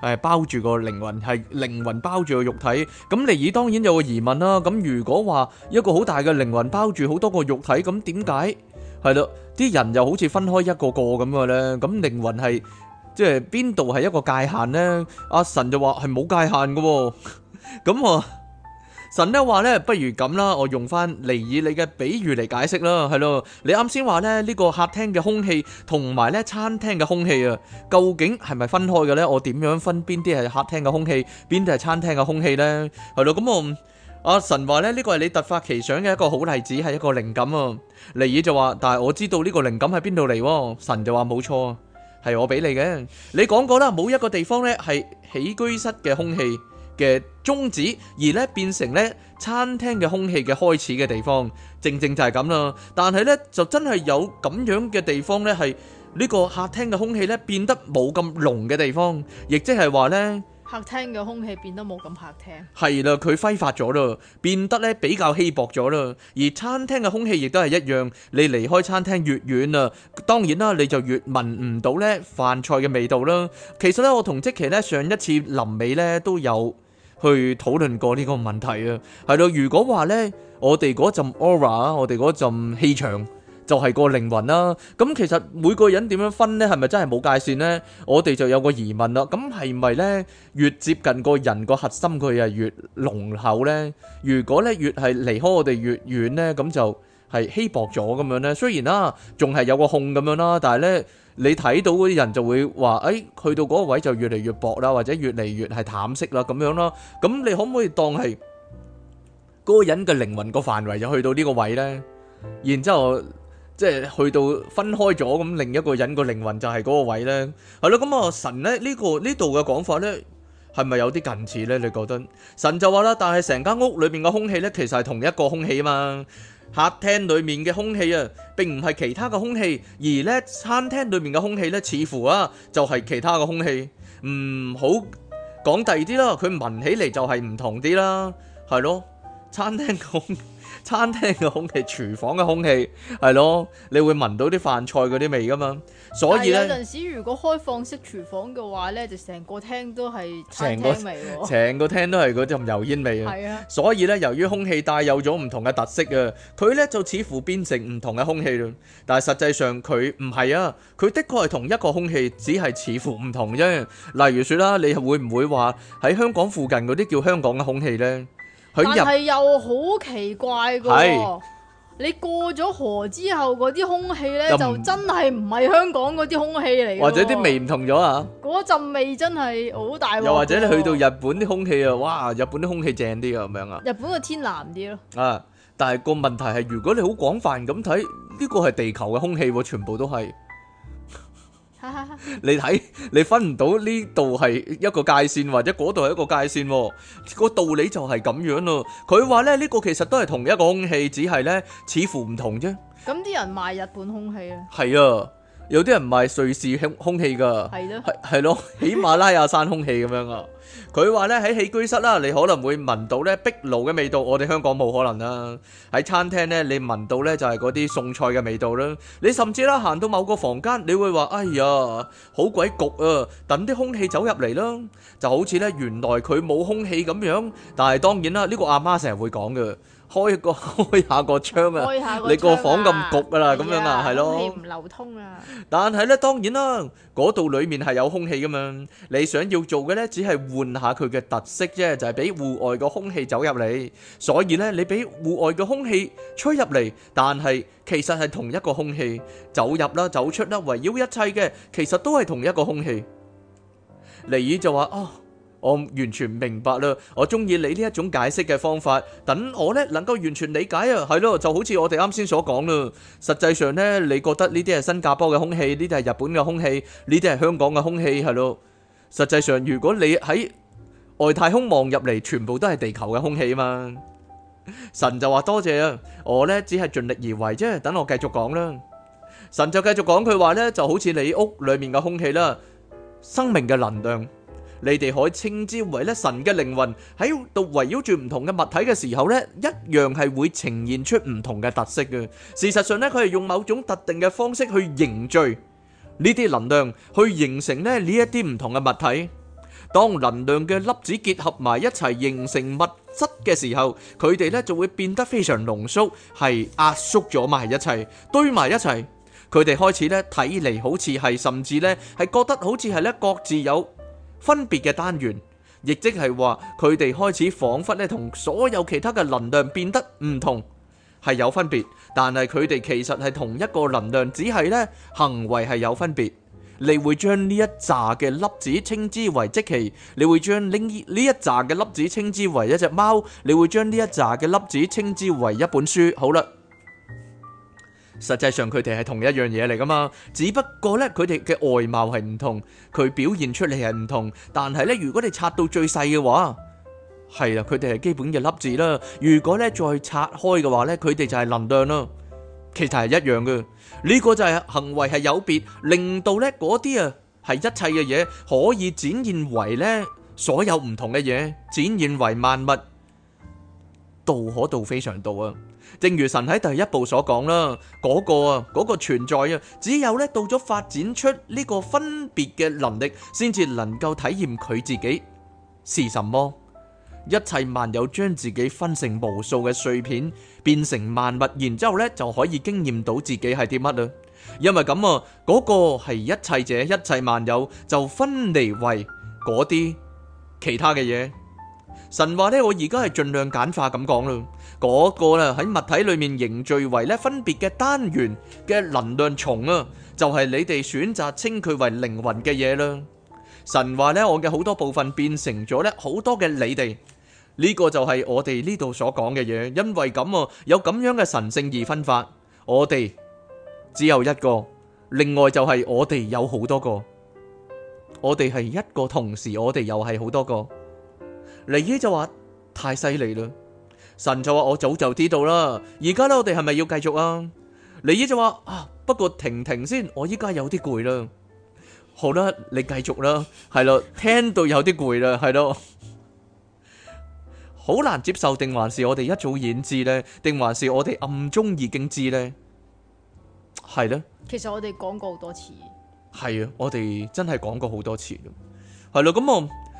[SPEAKER 2] 係包住個靈魂，係靈魂包住個肉體。咁尼爾當然有個疑問啦。咁如果話一個好大嘅靈魂包住好多個肉體，咁點解係咯？啲人又好似分開一個個咁嘅咧。咁靈魂係即係邊度係一個界限咧？阿神就話係冇界限嘅喎。咁啊～神咧話咧，不如咁啦，我用翻尼爾你嘅比喻嚟，解釋啦，係咯，你啱先話咧呢個客廳嘅空氣同埋咧餐廳嘅空氣啊，究竟係咪分開嘅咧？我點樣分邊啲係客廳嘅空氣，邊啲係餐廳嘅空氣咧？係咯，咁、嗯、啊，阿神話咧呢個係你突發奇想嘅一個好例子，係一個靈感啊。尼爾就話，但係我知道呢個靈感喺邊度嚟？神就話冇錯，係我俾你嘅。你講過啦，冇一個地方咧係起居室嘅空氣。嘅宗旨，而咧變成咧餐廳嘅空氣嘅開始嘅地方，正正就係咁啦。但係咧就真係有咁樣嘅地方咧，係呢個客廳嘅空氣咧變得冇咁濃嘅地方，亦即係話咧
[SPEAKER 1] 客廳嘅空氣變得冇咁客廳。
[SPEAKER 2] 係啦，佢揮發咗啦，變得咧比較稀薄咗啦。而餐廳嘅空氣亦都係一樣，你離開餐廳越遠啦，當然啦，你就越聞唔到咧飯菜嘅味道啦。其實咧，我同即其咧上一次臨尾咧都有去討論過呢個問題啊，係咯？如果話咧，我哋嗰陣 aura，我哋嗰陣氣場就係個靈魂啦。咁其實每個人點樣分咧，係咪真係冇界線咧？我哋就有個疑問啦。咁係咪咧越接近個人個核心佢係越濃厚咧？如果咧越係離開我哋越遠咧，咁就係稀薄咗咁樣咧。雖然啦，仲係有個空咁樣啦，但係咧。你睇到嗰啲人就會話，誒，去到嗰個位就越嚟越薄啦，或者越嚟越係淡色啦，咁樣咯。咁你可唔可以當係嗰個人嘅靈魂個範圍就去到呢個位咧？然之後即係去到分開咗，咁另一個人個靈魂就係嗰個位咧。係咯，咁啊神咧呢個呢度嘅講法咧係咪有啲近似咧？你覺得？神就話啦，但係成間屋裏面嘅空氣咧，其實係同一個空氣啊嘛。客廳裡面嘅空氣啊，並唔係其他嘅空氣，而咧餐廳裡面嘅空氣咧，似乎啊就係、是、其他嘅空氣。唔、嗯、好講第二啲啦，佢聞起嚟就係唔同啲啦，係咯。餐廳嘅空餐廳嘅空氣，廚房嘅空氣，係咯，你會聞到啲飯菜嗰啲味噶嘛。所以咧，有陣
[SPEAKER 1] 時如果開放式廚房嘅話咧，就成個廳都係成個，成
[SPEAKER 2] 個廳都係嗰陣油煙味啊。係啊。所以咧，由於空氣帶有咗唔同嘅特色啊，佢咧就似乎變成唔同嘅空氣咯。但係實際上佢唔係啊，佢的確係同一個空氣，只係似乎唔同啫。例如説啦，你會唔會話喺香港附近嗰啲叫香港嘅空氣咧？佢又係
[SPEAKER 1] 又好奇怪㗎。你過咗河之後嗰啲空氣咧，不就真係唔係香港嗰啲空氣嚟嘅，或者啲味
[SPEAKER 2] 唔同咗啊！
[SPEAKER 1] 嗰陣味真係好大，又或者你去到
[SPEAKER 2] 日本啲空氣啊，哇！日本啲空氣正啲啊，咁樣啊？日
[SPEAKER 1] 本嘅天藍啲咯，
[SPEAKER 2] 啊！但係個問題係，如果你好廣泛咁睇，呢個係地球嘅空氣，全部都係。 你睇，你分唔到呢度係一個界線，或者嗰度係一個界線，個道理就係咁樣咯。佢話咧呢、呢個其實都係同一個空氣，只係咧似乎唔同啫。
[SPEAKER 1] 咁啲、嗯、人賣日本空氣咧，
[SPEAKER 2] 係啊。有啲人唔係瑞士空空氣噶，係係咯喜馬拉雅山空氣咁樣啊！佢話咧喺起居室啦、啊，你可能會聞到咧壁爐嘅味道，我哋香港冇可能啦、啊。喺餐廳咧，你聞到咧就係嗰啲餸菜嘅味道啦、啊。你甚至啦行到某個房間，你會話：哎呀，好鬼焗啊！等啲空氣走入嚟啦，就好似咧原來佢冇空氣咁樣。但係當然啦，呢、呢個阿媽成日會講嘅。開個開下個窗啊！你個房咁焗噶啦，咁樣啊，係咯？空氣唔流通啊！但係咧，當然啦，嗰度裏面係有空氣噶嘛。你想要做嘅咧，只係換下佢嘅特色啫，就係俾戶外個空氣走入嚟。所以咧，你俾戶外嘅空氣吹入嚟，但係其實係同一個空氣走入啦、走出啦、圍繞一切嘅，其實都係同一個空氣。尼爾就話哦。我完全明白啦，我中意你呢一種解釋嘅方法。等我呢能夠完全理解啊，係咯，就好似我哋啱先所講啦。實際上呢，你覺得呢啲係新加坡嘅空氣，呢啲係日本嘅空氣，呢啲係香港嘅空氣，係咯。實際上，如果你喺外太空望入嚟，全部都係地球嘅空氣啊嘛。神就話多謝啊，我呢只係盡力而為啫。等我繼續講啦。神就繼續講佢話呢，就好似你屋裏面嘅空氣啦，生命嘅能量。你哋可以稱之為咧神嘅靈魂喺度圍繞住唔同嘅物體嘅時候咧，一樣係會呈現出唔同嘅特色嘅。事實上咧，佢係用某種特定嘅方式去凝聚呢啲能量，去形成咧呢一啲唔同嘅物體。當能量嘅粒子結合埋一齊，形成物質嘅時候，佢哋咧就會變得非常濃縮，係壓縮咗埋一齊，堆埋一齊。佢哋開始咧睇嚟好似係，甚至咧係覺得好似係咧各自有。分別嘅單元，亦即係話佢哋開始仿佛咧同所有其他嘅能量變得唔同，係有分別，但係佢哋其實係同一個能量，只係呢行為係有分別。你會將呢一扎嘅粒子稱之為即其，你會將呢呢一扎嘅粒子稱之為一隻貓，你會將呢一扎嘅粒子稱之為一本書，好啦。實際上佢哋係同一樣嘢嚟噶嘛，只不過呢，佢哋嘅外貌係唔同，佢表現出嚟係唔同。但係呢，如果你拆到最細嘅話，係啊，佢哋係基本嘅粒子啦。如果呢，再拆開嘅話呢，佢哋就係能量啦。其實係一樣嘅，呢個就係行為係有別，令到呢，嗰啲啊係一切嘅嘢可以展現為呢，所有唔同嘅嘢，展現為萬物。道可道，非常道啊！正如神喺第一部所講啦，嗰個啊，嗰個存在啊，只有咧到咗發展出呢個分別嘅能力，先至能夠體驗佢自己是什麼。一切萬有將自己分成無數嘅碎片，變成萬物，然之後咧就可以經驗到自己係啲乜啦。因為咁啊，嗰個係一切者，一切萬有就分離為嗰啲其他嘅嘢。神話呢，我而家係盡量簡化咁講咯。嗰個啦喺物體裏面凝聚為咧分別嘅單元嘅能量叢啊，就係你哋選擇稱佢為靈魂嘅嘢啦。神話呢，我嘅好多部分變成咗咧好多嘅你哋，呢個就係我哋呢度所講嘅嘢，因為咁啊有咁樣嘅神聖二分法，我哋只有一個，另外就係我哋有好多個，我哋係一個同時，我哋又係好多個。尼耶就話太犀利啦，神就話我早就知道啦，而家咧我哋係咪要繼續啊？尼耶就話啊，不過停停先，我依家有啲攰啦。好啦，你繼續啦，係咯，聽到有啲攰啦，係咯，好難接受定還是我哋一早已知咧，定還是我哋暗中已經知咧？係咧，
[SPEAKER 1] 其實我哋講過好多次，
[SPEAKER 2] 係啊，我哋真係講過好多次，係咯，咁我。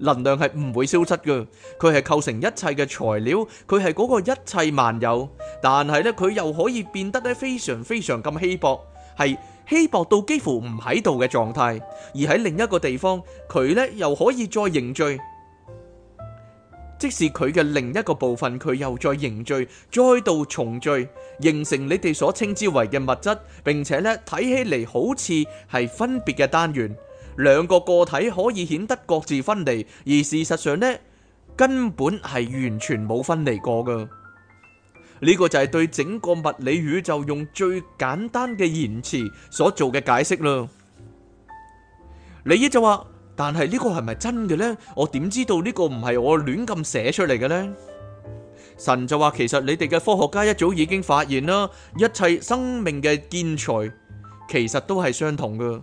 [SPEAKER 2] 能量係唔會消失嘅，佢係構成一切嘅材料，佢係嗰個一切萬有。但係呢，佢又可以變得咧非常非常咁稀薄，係稀薄到幾乎唔喺度嘅狀態。而喺另一個地方，佢呢又可以再凝聚，即是佢嘅另一個部分，佢又再凝聚，再度重聚，形成你哋所稱之為嘅物質，並且呢睇起嚟好似係分別嘅單元。兩個個體可以顯得各自分離，而事實上呢，根本係完全冇分離過噶。呢個就係對整個物理宇宙用最簡單嘅言辭所做嘅解釋啦。尼爾就話：，但係呢個係咪真嘅呢？我點知道呢個唔係我亂咁寫出嚟嘅呢？神就話：，其實你哋嘅科學家一早已經發現啦，一切生命嘅建材其實都係相同噶。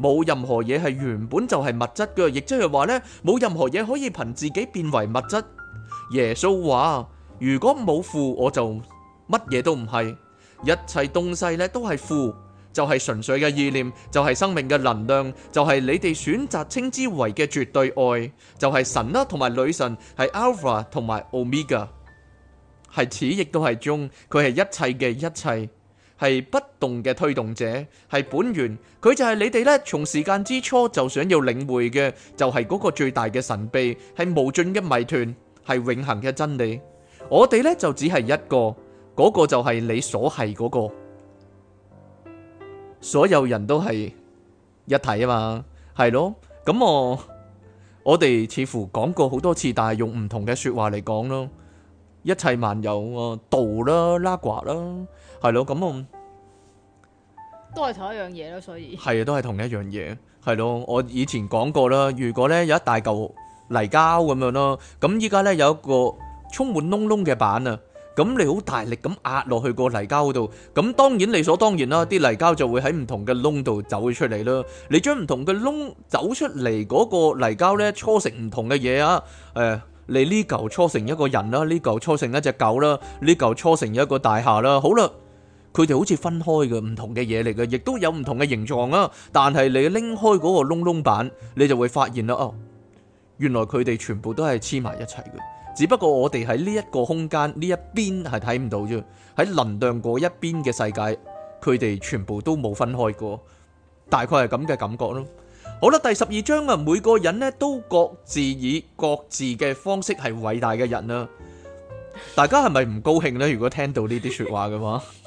[SPEAKER 2] 冇任何嘢係原本就係物質噶，亦即係話呢，冇任何嘢可以憑自己變為物質。耶穌話：如果冇父，我就乜嘢都唔係。一切東西呢都係父，就係、是、純粹嘅意念，就係、是、生命嘅能量，就係、是、你哋選擇稱之為嘅絕對愛，就係、是、神啦，同埋女神係 Alpha 同埋 Omega，係始亦都係終，佢係一切嘅一切。係不動嘅推動者，係本源，佢就係你哋呢，從時間之初就想要領會嘅，就係、是、嗰個最大嘅神秘，係無盡嘅謎團，係永恆嘅真理。我哋呢，就只係一個，嗰、那個就係你所係嗰、那個。所有人都係一體啊嘛，係咯。咁我我哋似乎講過好多次，但係用唔同嘅說話嚟講咯。一切萬有，道啦，拉卦啦，係咯。咁我。
[SPEAKER 1] 都係同一樣嘢咯，所以
[SPEAKER 2] 係啊，都係同一樣嘢，係咯。我以前講過啦，如果咧有一大嚿泥膠咁樣咯，咁依家咧有一個充滿窿窿嘅板啊，咁你好大力咁壓落去個泥膠嗰度，咁當然理所當然啦，啲泥膠就會喺唔同嘅窿度走出嚟咯。你將唔同嘅窿走出嚟嗰個泥膠咧搓成唔同嘅嘢啊，誒，你呢嚿搓成一個人啦，呢嚿搓成一隻狗啦，呢嚿搓成一個大廈啦，好啦。佢哋好似分開嘅唔同嘅嘢嚟嘅，亦都有唔同嘅形狀啊！但係你拎開嗰個窿窿板，你就會發現啦哦，原來佢哋全部都係黐埋一齊嘅。只不過我哋喺呢一個空間呢一邊係睇唔到啫，喺能量嗰一邊嘅世界，佢哋全部都冇分開過。大概係咁嘅感覺咯。好啦，第十二章啊，每個人呢都各自以各自嘅方式係偉大嘅人啦，啊。大家係咪唔高興呢？如果聽到呢啲說話嘅話？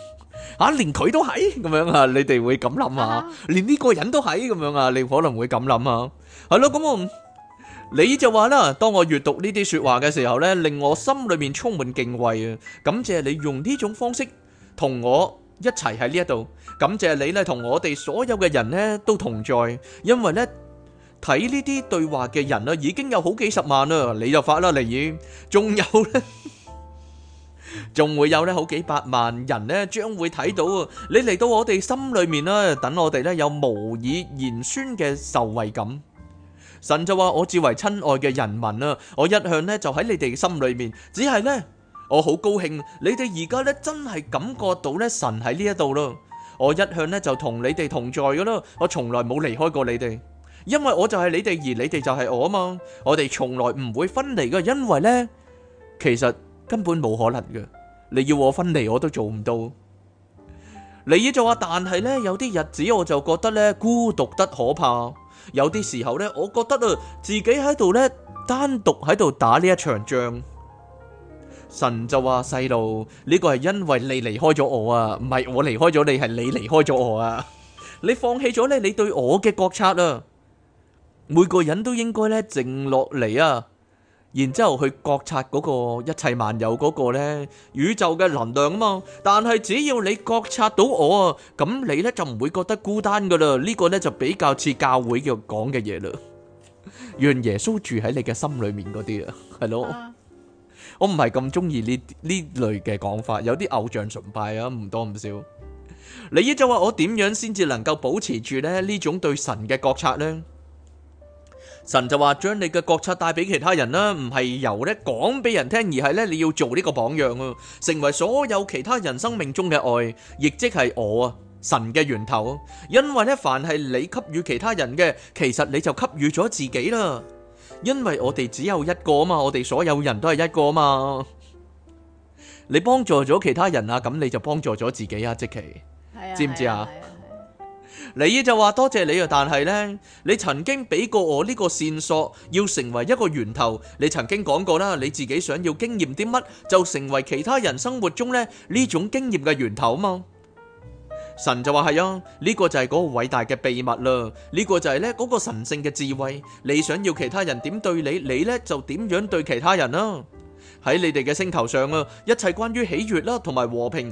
[SPEAKER 2] 啊，連佢都係咁樣啊，你哋會咁諗啊？連呢個人都係咁樣啊，你可能會咁諗啊？係咯，咁我你就話啦，當我閱讀呢啲說話嘅時候咧，令我心裏面充滿敬畏啊！感謝你用呢種方式同我一齊喺呢一度，感謝你咧同我哋所有嘅人咧都同在，因為咧睇呢啲對話嘅人啊，已經有好幾十萬啦，你就發啦，寧願仲有咧。仲會有咧好幾百萬人咧，將會睇到啊！你嚟到我哋心裏面啦，等我哋咧有無以言宣嘅受惠感。神就話：我至為親愛嘅人民啊，我一向咧就喺你哋心裏面，只係咧我好高興，你哋而家咧真係感覺到咧神喺呢一度咯。我一向咧就同你哋同在噶啦，我從來冇離開過你哋，因為我就係你哋，而你哋就係我啊嘛，我哋從來唔會分離噶，因為咧其實。根本冇可能嘅，你要我分離我都做唔到。你就話，但係呢，有啲日子我就覺得呢，孤獨得可怕，有啲時候呢，我覺得啊自己喺度呢，單獨喺度打呢一場仗。神就話，細路，呢個係因為你離開咗我啊，唔係我離開咗你，係你離開咗我啊。 你放棄咗呢，你對我嘅覺察啊，每個人都應該呢，靜落嚟啊。然之後去覺察嗰個一切萬有嗰個呢宇宙嘅能量啊嘛，但係只要你覺察到我啊，咁你呢就唔會覺得孤單噶啦。呢、呢個呢就比較似教會嘅講嘅嘢啦， 讓耶穌住喺你嘅心裏面嗰啲 咯啊，係咯。我唔係咁中意呢呢類嘅講法，有啲偶像崇拜啊，唔多唔少。 你依就話我點樣先至能夠保持住咧呢種對神嘅覺察呢？神就話將你嘅國策帶畀其他人，唔係由呢，講畀人聽而係呢，你要做呢個榜樣，成為所有其他人生命中嘅愛，亦即係我，神嘅源頭。因為呢，凡係你給予其他人嘅，其實你就給予咗自己啦。因為我哋只有一個嘛，我哋所有人都係一個嘛。你幫助咗其他人呀，咁你就幫助咗自己呀，即其，知唔知呀？你就話多謝你啊，但係呢，你曾經俾過我呢個線索，要成為一個源頭。你曾經講過啦，你自己想要經驗啲乜，就成為其他人生活中咧呢種經驗嘅源頭嘛。神就話係啊，呢個就係嗰個偉大嘅秘密啦，呢個就係呢嗰個神聖嘅智慧。你想要其他人點對你，你呢就點樣對其他人啦。喺你哋嘅星球上啊，一切關於喜悅啦，同埋和平，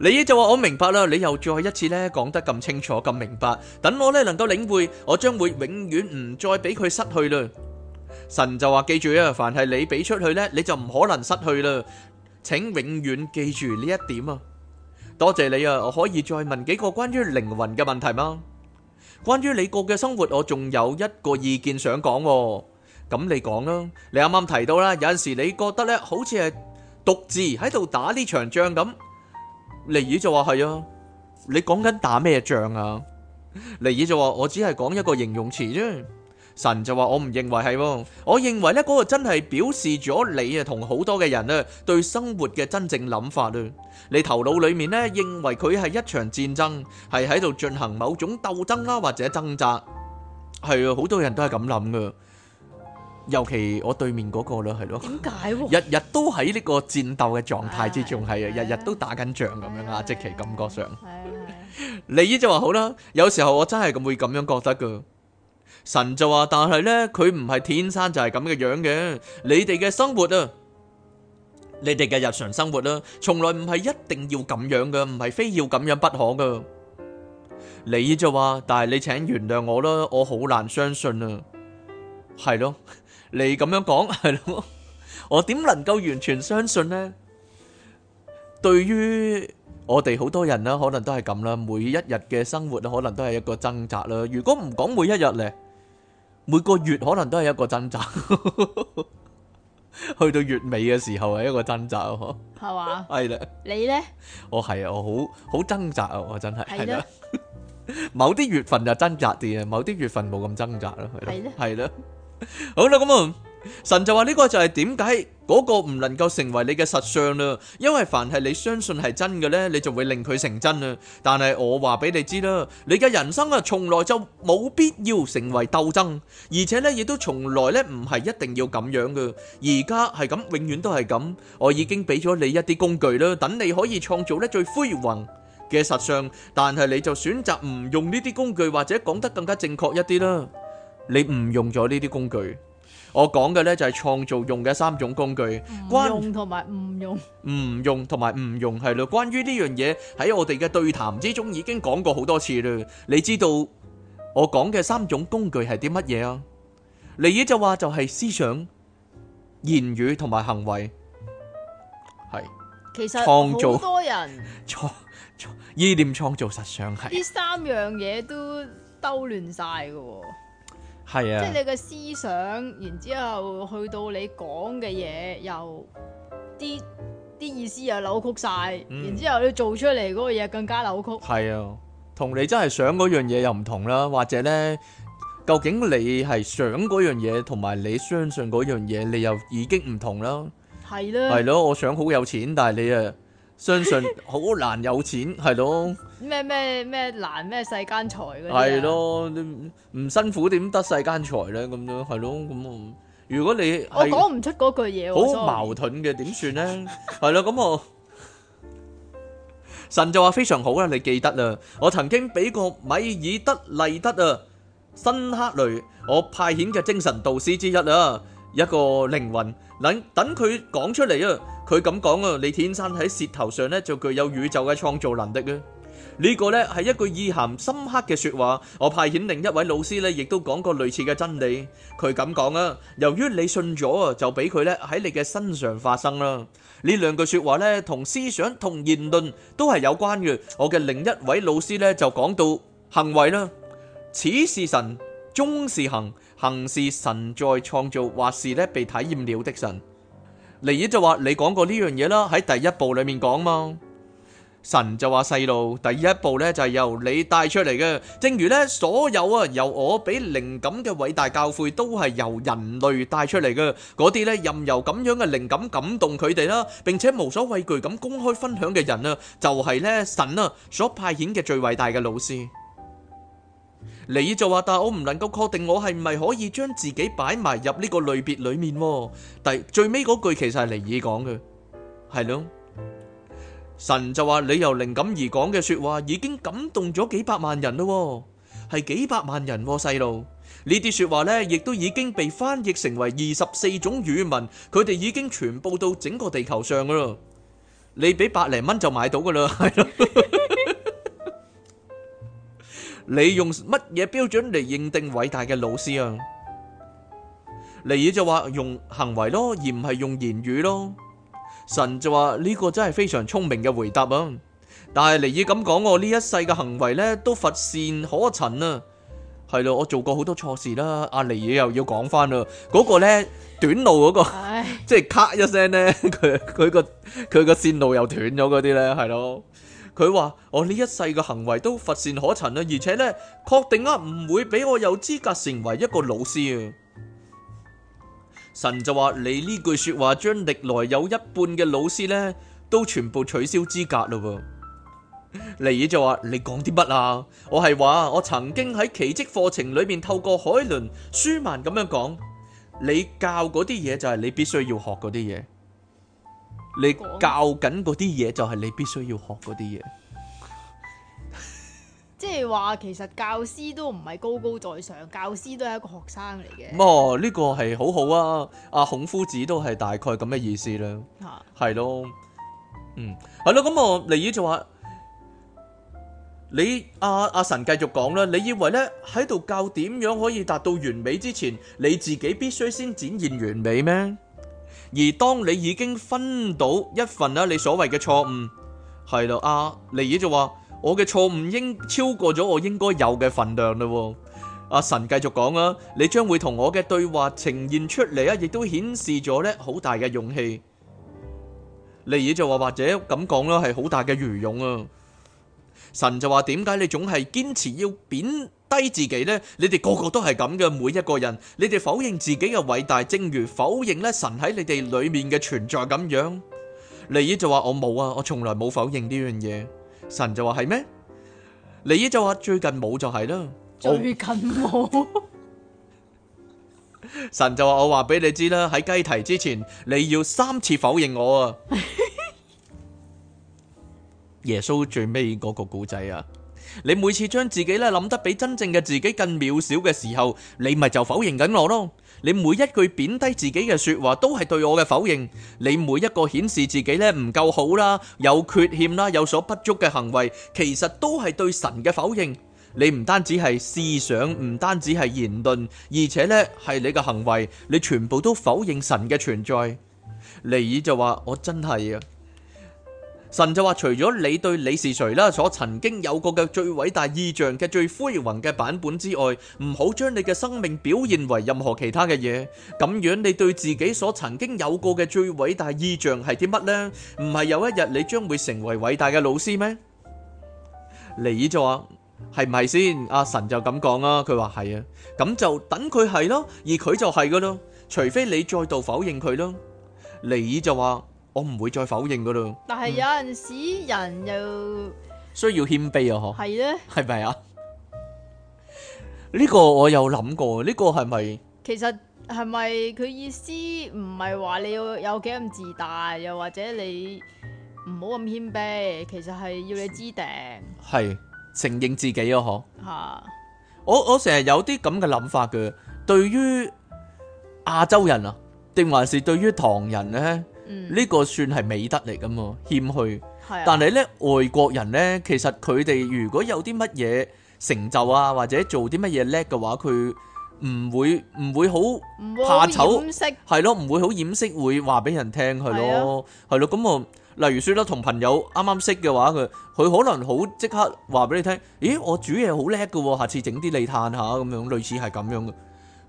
[SPEAKER 2] 你就話我明白啦，你又再一次呢講得咁清楚咁明白，等我呢能夠領會，我將會永遠唔再俾佢失去啦。神就話，記住啊，凡係你俾出去呢，你就唔可能失去啦，請永遠記住呢一點啊。多謝你啊，我可以再問幾個關於靈魂嘅問題嗎？關於你過嘅生活，我仲有一個意見想講，哦，咁你講啦。你啱啱提到啦，有陣時你覺得呢好似係獨自喺度打呢場仗咁。尼爾就話，係啊，你講緊打咩仗啊？尼爾就話我只係講一個形容詞啫。神就話我唔認為係啊，我認為呢嗰個真係表示咗你啊同好多嘅人咧對生活嘅真正諗法啦。你頭腦裡面咧認為佢係一場戰爭，係喺度進行某種鬥爭啦或者掙扎，係啊，好多人都係咁諗噶。尤其我對面嗰個咯，係咯，日日都喺呢個戰鬥嘅狀態之中，係日日都打緊仗咁樣啊！即其感覺上，尼爾就話好啦，有時候我真係咁會咁樣覺得噶。神就話，但係咧，佢唔係天生就係咁嘅樣嘅。你哋嘅生活啊，你哋嘅日常生活啦，從來唔係一定要咁樣噶，唔係非要咁樣不可噶。尼爾就話，但係你請原諒我啦，我好難相信啊，係咯。你咁樣講係咯，我點能夠完全相信咧？對於我哋好多人啦，可能都係咁啦，每一日嘅生活可能都係一個掙扎啦。如果唔講每一日咧，每個月可能都係一個掙扎，去到月尾嘅時候係一個掙扎咯。係嘛？係啦，你咧？我係啊，我好好掙扎啊，我真係係啦。某啲月份就掙扎啲啊，某啲月份冇咁掙扎咯，係啦，係啦。好啦，咁啊，神就話呢個就係點解嗰個唔能夠成為你嘅實相啦，因為凡係你相信係真嘅呢，你就會令佢成真啦。但係我話俾你知啦，你嘅人生啊，從來就冇必要成為鬥爭，而且呢亦都從來呢唔係一定要咁樣嘅。而家係咁，永遠都係咁。我已經俾咗你一啲工具啦，等你可以創造呢最輝煌嘅實相，但係你就選擇唔用呢啲工具，或者講得更加正確一啲啦。你誤用咗呢啲工具，我講嘅呢就係創造用嘅三種工具，
[SPEAKER 1] 關同埋誤用，
[SPEAKER 2] 誤用同埋誤用係咯。關於呢樣嘢喺我哋嘅對談之中已經講過好多次啦。你知道我講嘅三種工具係啲乜嘢啊？嚟嘢就話就係思想、言語同埋行為，係，
[SPEAKER 1] 其實好多人創
[SPEAKER 2] 創意念創造，實上係呢
[SPEAKER 1] 三樣嘢都兜亂晒㗎。
[SPEAKER 2] 係啊，即係你嘅
[SPEAKER 1] 思想，然之後去到你講嘅嘢又啲啲意思又扭曲晒，嗯、然之後你做出嚟嗰個嘢更加扭曲。
[SPEAKER 2] 係啊，同你真係想嗰樣嘢又唔同啦，或者呢，究竟你係想嗰樣嘢，同埋你相信嗰樣嘢，你又已經唔同啦。
[SPEAKER 1] 係咯、啊，係咯、
[SPEAKER 2] 啊，我想好有錢，但係你啊。相信好難有錢，係咯？
[SPEAKER 1] 咩咩咩難咩世間財嗰啲？係咯，
[SPEAKER 2] 你唔辛苦點得世間財咧？咁樣係咯，咁我如果你我講
[SPEAKER 1] 唔出嗰句嘢，好矛
[SPEAKER 2] 盾嘅，點算呢？係咯，咁我神就話非常好啊，你記得啊，我曾經俾個米爾德利德啊，辛克雷，我派遣嘅精神導師之一啊，一個靈魂，等等佢講出嚟啊！佢咁講啊，你天生喺舌頭上咧就具有宇宙嘅創造能力啊！呢個咧係一句意涵深刻嘅說話。我派遣另一位老師咧，亦都講過類似嘅真理。佢咁講啊，由於你信咗啊，就俾佢咧喺你嘅身上發生啦。呢兩句說話咧，同思想、同言論都係有關嘅。我嘅另一位老師咧就講到行為啦，此是神，終是行，行是神在創造，或是咧被體驗了的神。尼爾就話，你講過呢樣嘢啦，喺第一部裏面講嘛。神就話，細路，第一部咧就係由你帶出嚟嘅，正如咧所有啊由我俾靈感嘅偉大教誨都係由人類帶出嚟嘅。嗰啲咧任由咁樣嘅靈感感動佢哋啦，並且無所畏懼咁公開分享嘅人啊，就係、是、咧神啊所派遣嘅最偉大嘅老師。你就話，但係我唔能夠確定我係唔係可以將自己擺埋入呢個類別裏面。第最尾嗰句其實係尼爾講嘅，係咯。神就話你由靈感而講嘅說話已經感動咗幾百萬人咯，係幾百萬人，啊，細路，呢啲說話呢亦都已經被翻譯成為二十四種語文，佢哋已經傳播到整個地球上噶啦。你俾百零蚊就買到噶啦，係咯。 你用乜嘢標準嚟認定偉大嘅老師啊？尼爾就話用行為咯，而唔係用言語咯。神就話呢個真係非常聰明嘅回答啊！但係尼爾咁講，我呢一世嘅行為咧都乏善可陳啊，係咯，我做過好多錯事啦。阿尼爾又要講翻啦，嗰個咧短路嗰個， 即係咔一聲咧，佢佢個佢個線路又斷咗嗰啲咧，係咯。佢話：我呢一世嘅行為都乏善可陳啊，而且呢確定啊唔會俾我有資格成為一個老師啊。神就話：你呢句說話將歷來有一半嘅老師呢都全部取消資格咯。尼爾就話：你講啲乜啊？我係話我曾經喺奇蹟課程裏面透過海倫舒曼咁樣講，你教嗰啲嘢就係你必須要學嗰啲嘢。你教緊嗰啲嘢就係你必須要學嗰啲嘢，
[SPEAKER 1] 即係話其實教師都唔係高高在上，教師都係一個學生嚟嘅。
[SPEAKER 2] 哦，呢個係好好啊！阿孔夫子都係大概咁嘅意思啦，啊、係咯，嗯，係咯。咁啊，嚟姨就話你阿阿神繼續講啦。你以為呢喺度教點樣可以達到完美之前，你自己必須先展現完美咩？而當你已經分到一份啦、啊啊，你所謂嘅錯誤係啦，尼爾就話我嘅錯誤應超過咗我應該有嘅份量啦。阿神繼續講啊，你將會同我嘅對話呈現出嚟啊，亦都顯示咗咧好大嘅勇氣。尼爾就話或者咁講啦，係好大嘅愚勇啊。神就話：點解你總係堅持要貶低自己呢？你哋個個都係咁嘅，每一個人，你哋否認自己嘅偉大，正如否認咧神喺你哋裏面嘅存在咁樣。利伊就話：我冇啊，我從來冇否認呢樣嘢。神就話：係咩？利伊就話：最近冇就係啦。最
[SPEAKER 1] 近冇。
[SPEAKER 2] 神就話：我話俾你知啦，喺雞啼之前，你要三次否認我啊。耶穌最尾嗰個故仔啊！你每次將自己咧諗得比真正嘅自己更渺小嘅時候，你咪就否認緊我咯！你每一句貶低自己嘅說話，都係對我嘅否認；你每一個顯示自己咧唔夠好啦、有缺陷啦、有所不足嘅行為，其實都係對神嘅否認。你唔單止係思想，唔單止係言論，而且呢係你嘅行為，你全部都否認神嘅存在。尼爾就話：我真係啊！神就話：除咗你對你是誰啦，所曾經有過嘅最偉大意象嘅最輝煌嘅版本之外，唔好將你嘅生命表現為任何其他嘅嘢。咁樣你對自己所曾經有過嘅最偉大意象係啲乜呢？唔係有一日你將會成為偉大嘅老師咩？尼爾就話：係唔係先？阿神就咁講啦，佢話係啊，咁就等佢係咯，而佢就係噶咯，除非你再度否認佢咯。尼爾就話。我唔會再否認噶咯。
[SPEAKER 1] 但係有陣時人又
[SPEAKER 2] 需要謙卑啊，嗬。係咧，係咪啊？呢個我有諗過，呢個係咪？
[SPEAKER 1] 其實係咪佢意思唔係話你要有幾咁自大，又或者你唔好咁謙卑？其實係要你知定，
[SPEAKER 2] 係承認自己啊，嗬。吓，我我成日有啲咁嘅諗法嘅。對於亞洲人啊，定還是對於唐人呢？呢、嗯、個算係美德嚟噶嘛。謙虛。啊、但係呢，外國人呢，其實佢哋如果有啲乜嘢成就啊，或者做啲乜嘢叻嘅話，佢唔會唔會好怕醜，係咯，唔、啊、會好掩飾，會話俾人聽係咯，係咯、啊。咁啊我，例如説啦，同朋友啱啱識嘅話，佢佢可能好即刻話俾你聽，咦，我煮嘢好叻嘅喎，下次整啲你嘆下咁樣，類似係咁樣嘅。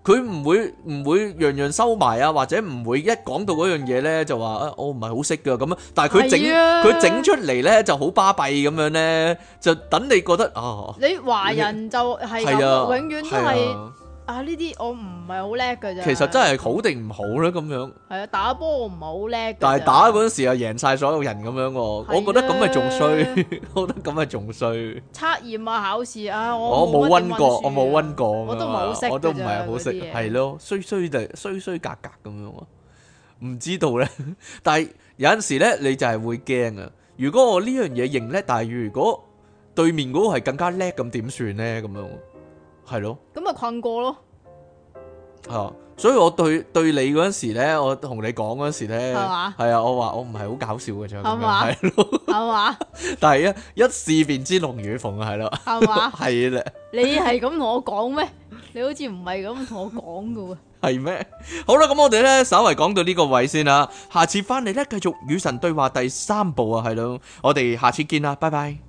[SPEAKER 2] 佢唔會唔會樣樣收埋啊，或者唔會一講到嗰樣嘢咧就話、哦、啊，我唔係好識嘅咁樣。但係佢整佢整出嚟咧就好巴閉咁樣咧，就等你覺得啊。
[SPEAKER 1] 你華人就係就永遠都係。啊！呢啲我唔係好叻嘅啫。其實真係好定
[SPEAKER 2] 唔好咧咁樣。
[SPEAKER 1] 係啊，打波我唔係好叻。但係打嗰
[SPEAKER 2] 陣時又贏晒所有人咁樣，我覺得咁咪仲衰，我覺得咁咪仲衰。
[SPEAKER 1] 測驗啊，考試啊，我我冇溫過，我冇溫過。我都冇識，我都唔係好識，係
[SPEAKER 2] 咯，衰衰就衰衰格格咁樣。唔知道咧，但係有陣時咧，你就係會驚啊！如果我呢樣嘢認叻，但係如果對面嗰個係更加叻，咁點算咧？咁樣。係咯，
[SPEAKER 1] 咁咪困過咯。
[SPEAKER 2] 哦、啊，所以我對對你嗰陣時咧，我同你講嗰陣時咧，係嘛吧，係啊，我話我唔係好搞笑嘅啫，係嘛吧，係
[SPEAKER 1] 嘛。咯
[SPEAKER 2] 吧 但係一，一試便知龍與鳳係咯，係嘛吧，係啦
[SPEAKER 1] 咯。你係咁同我講咩？ 你好似唔係咁同我講噶喎。
[SPEAKER 2] 係咩？ 好啦，咁我哋咧，稍微講到呢個位先啦。下次翻嚟咧，繼續與神對話第三部啊，係咯。我哋下次見啦，拜拜。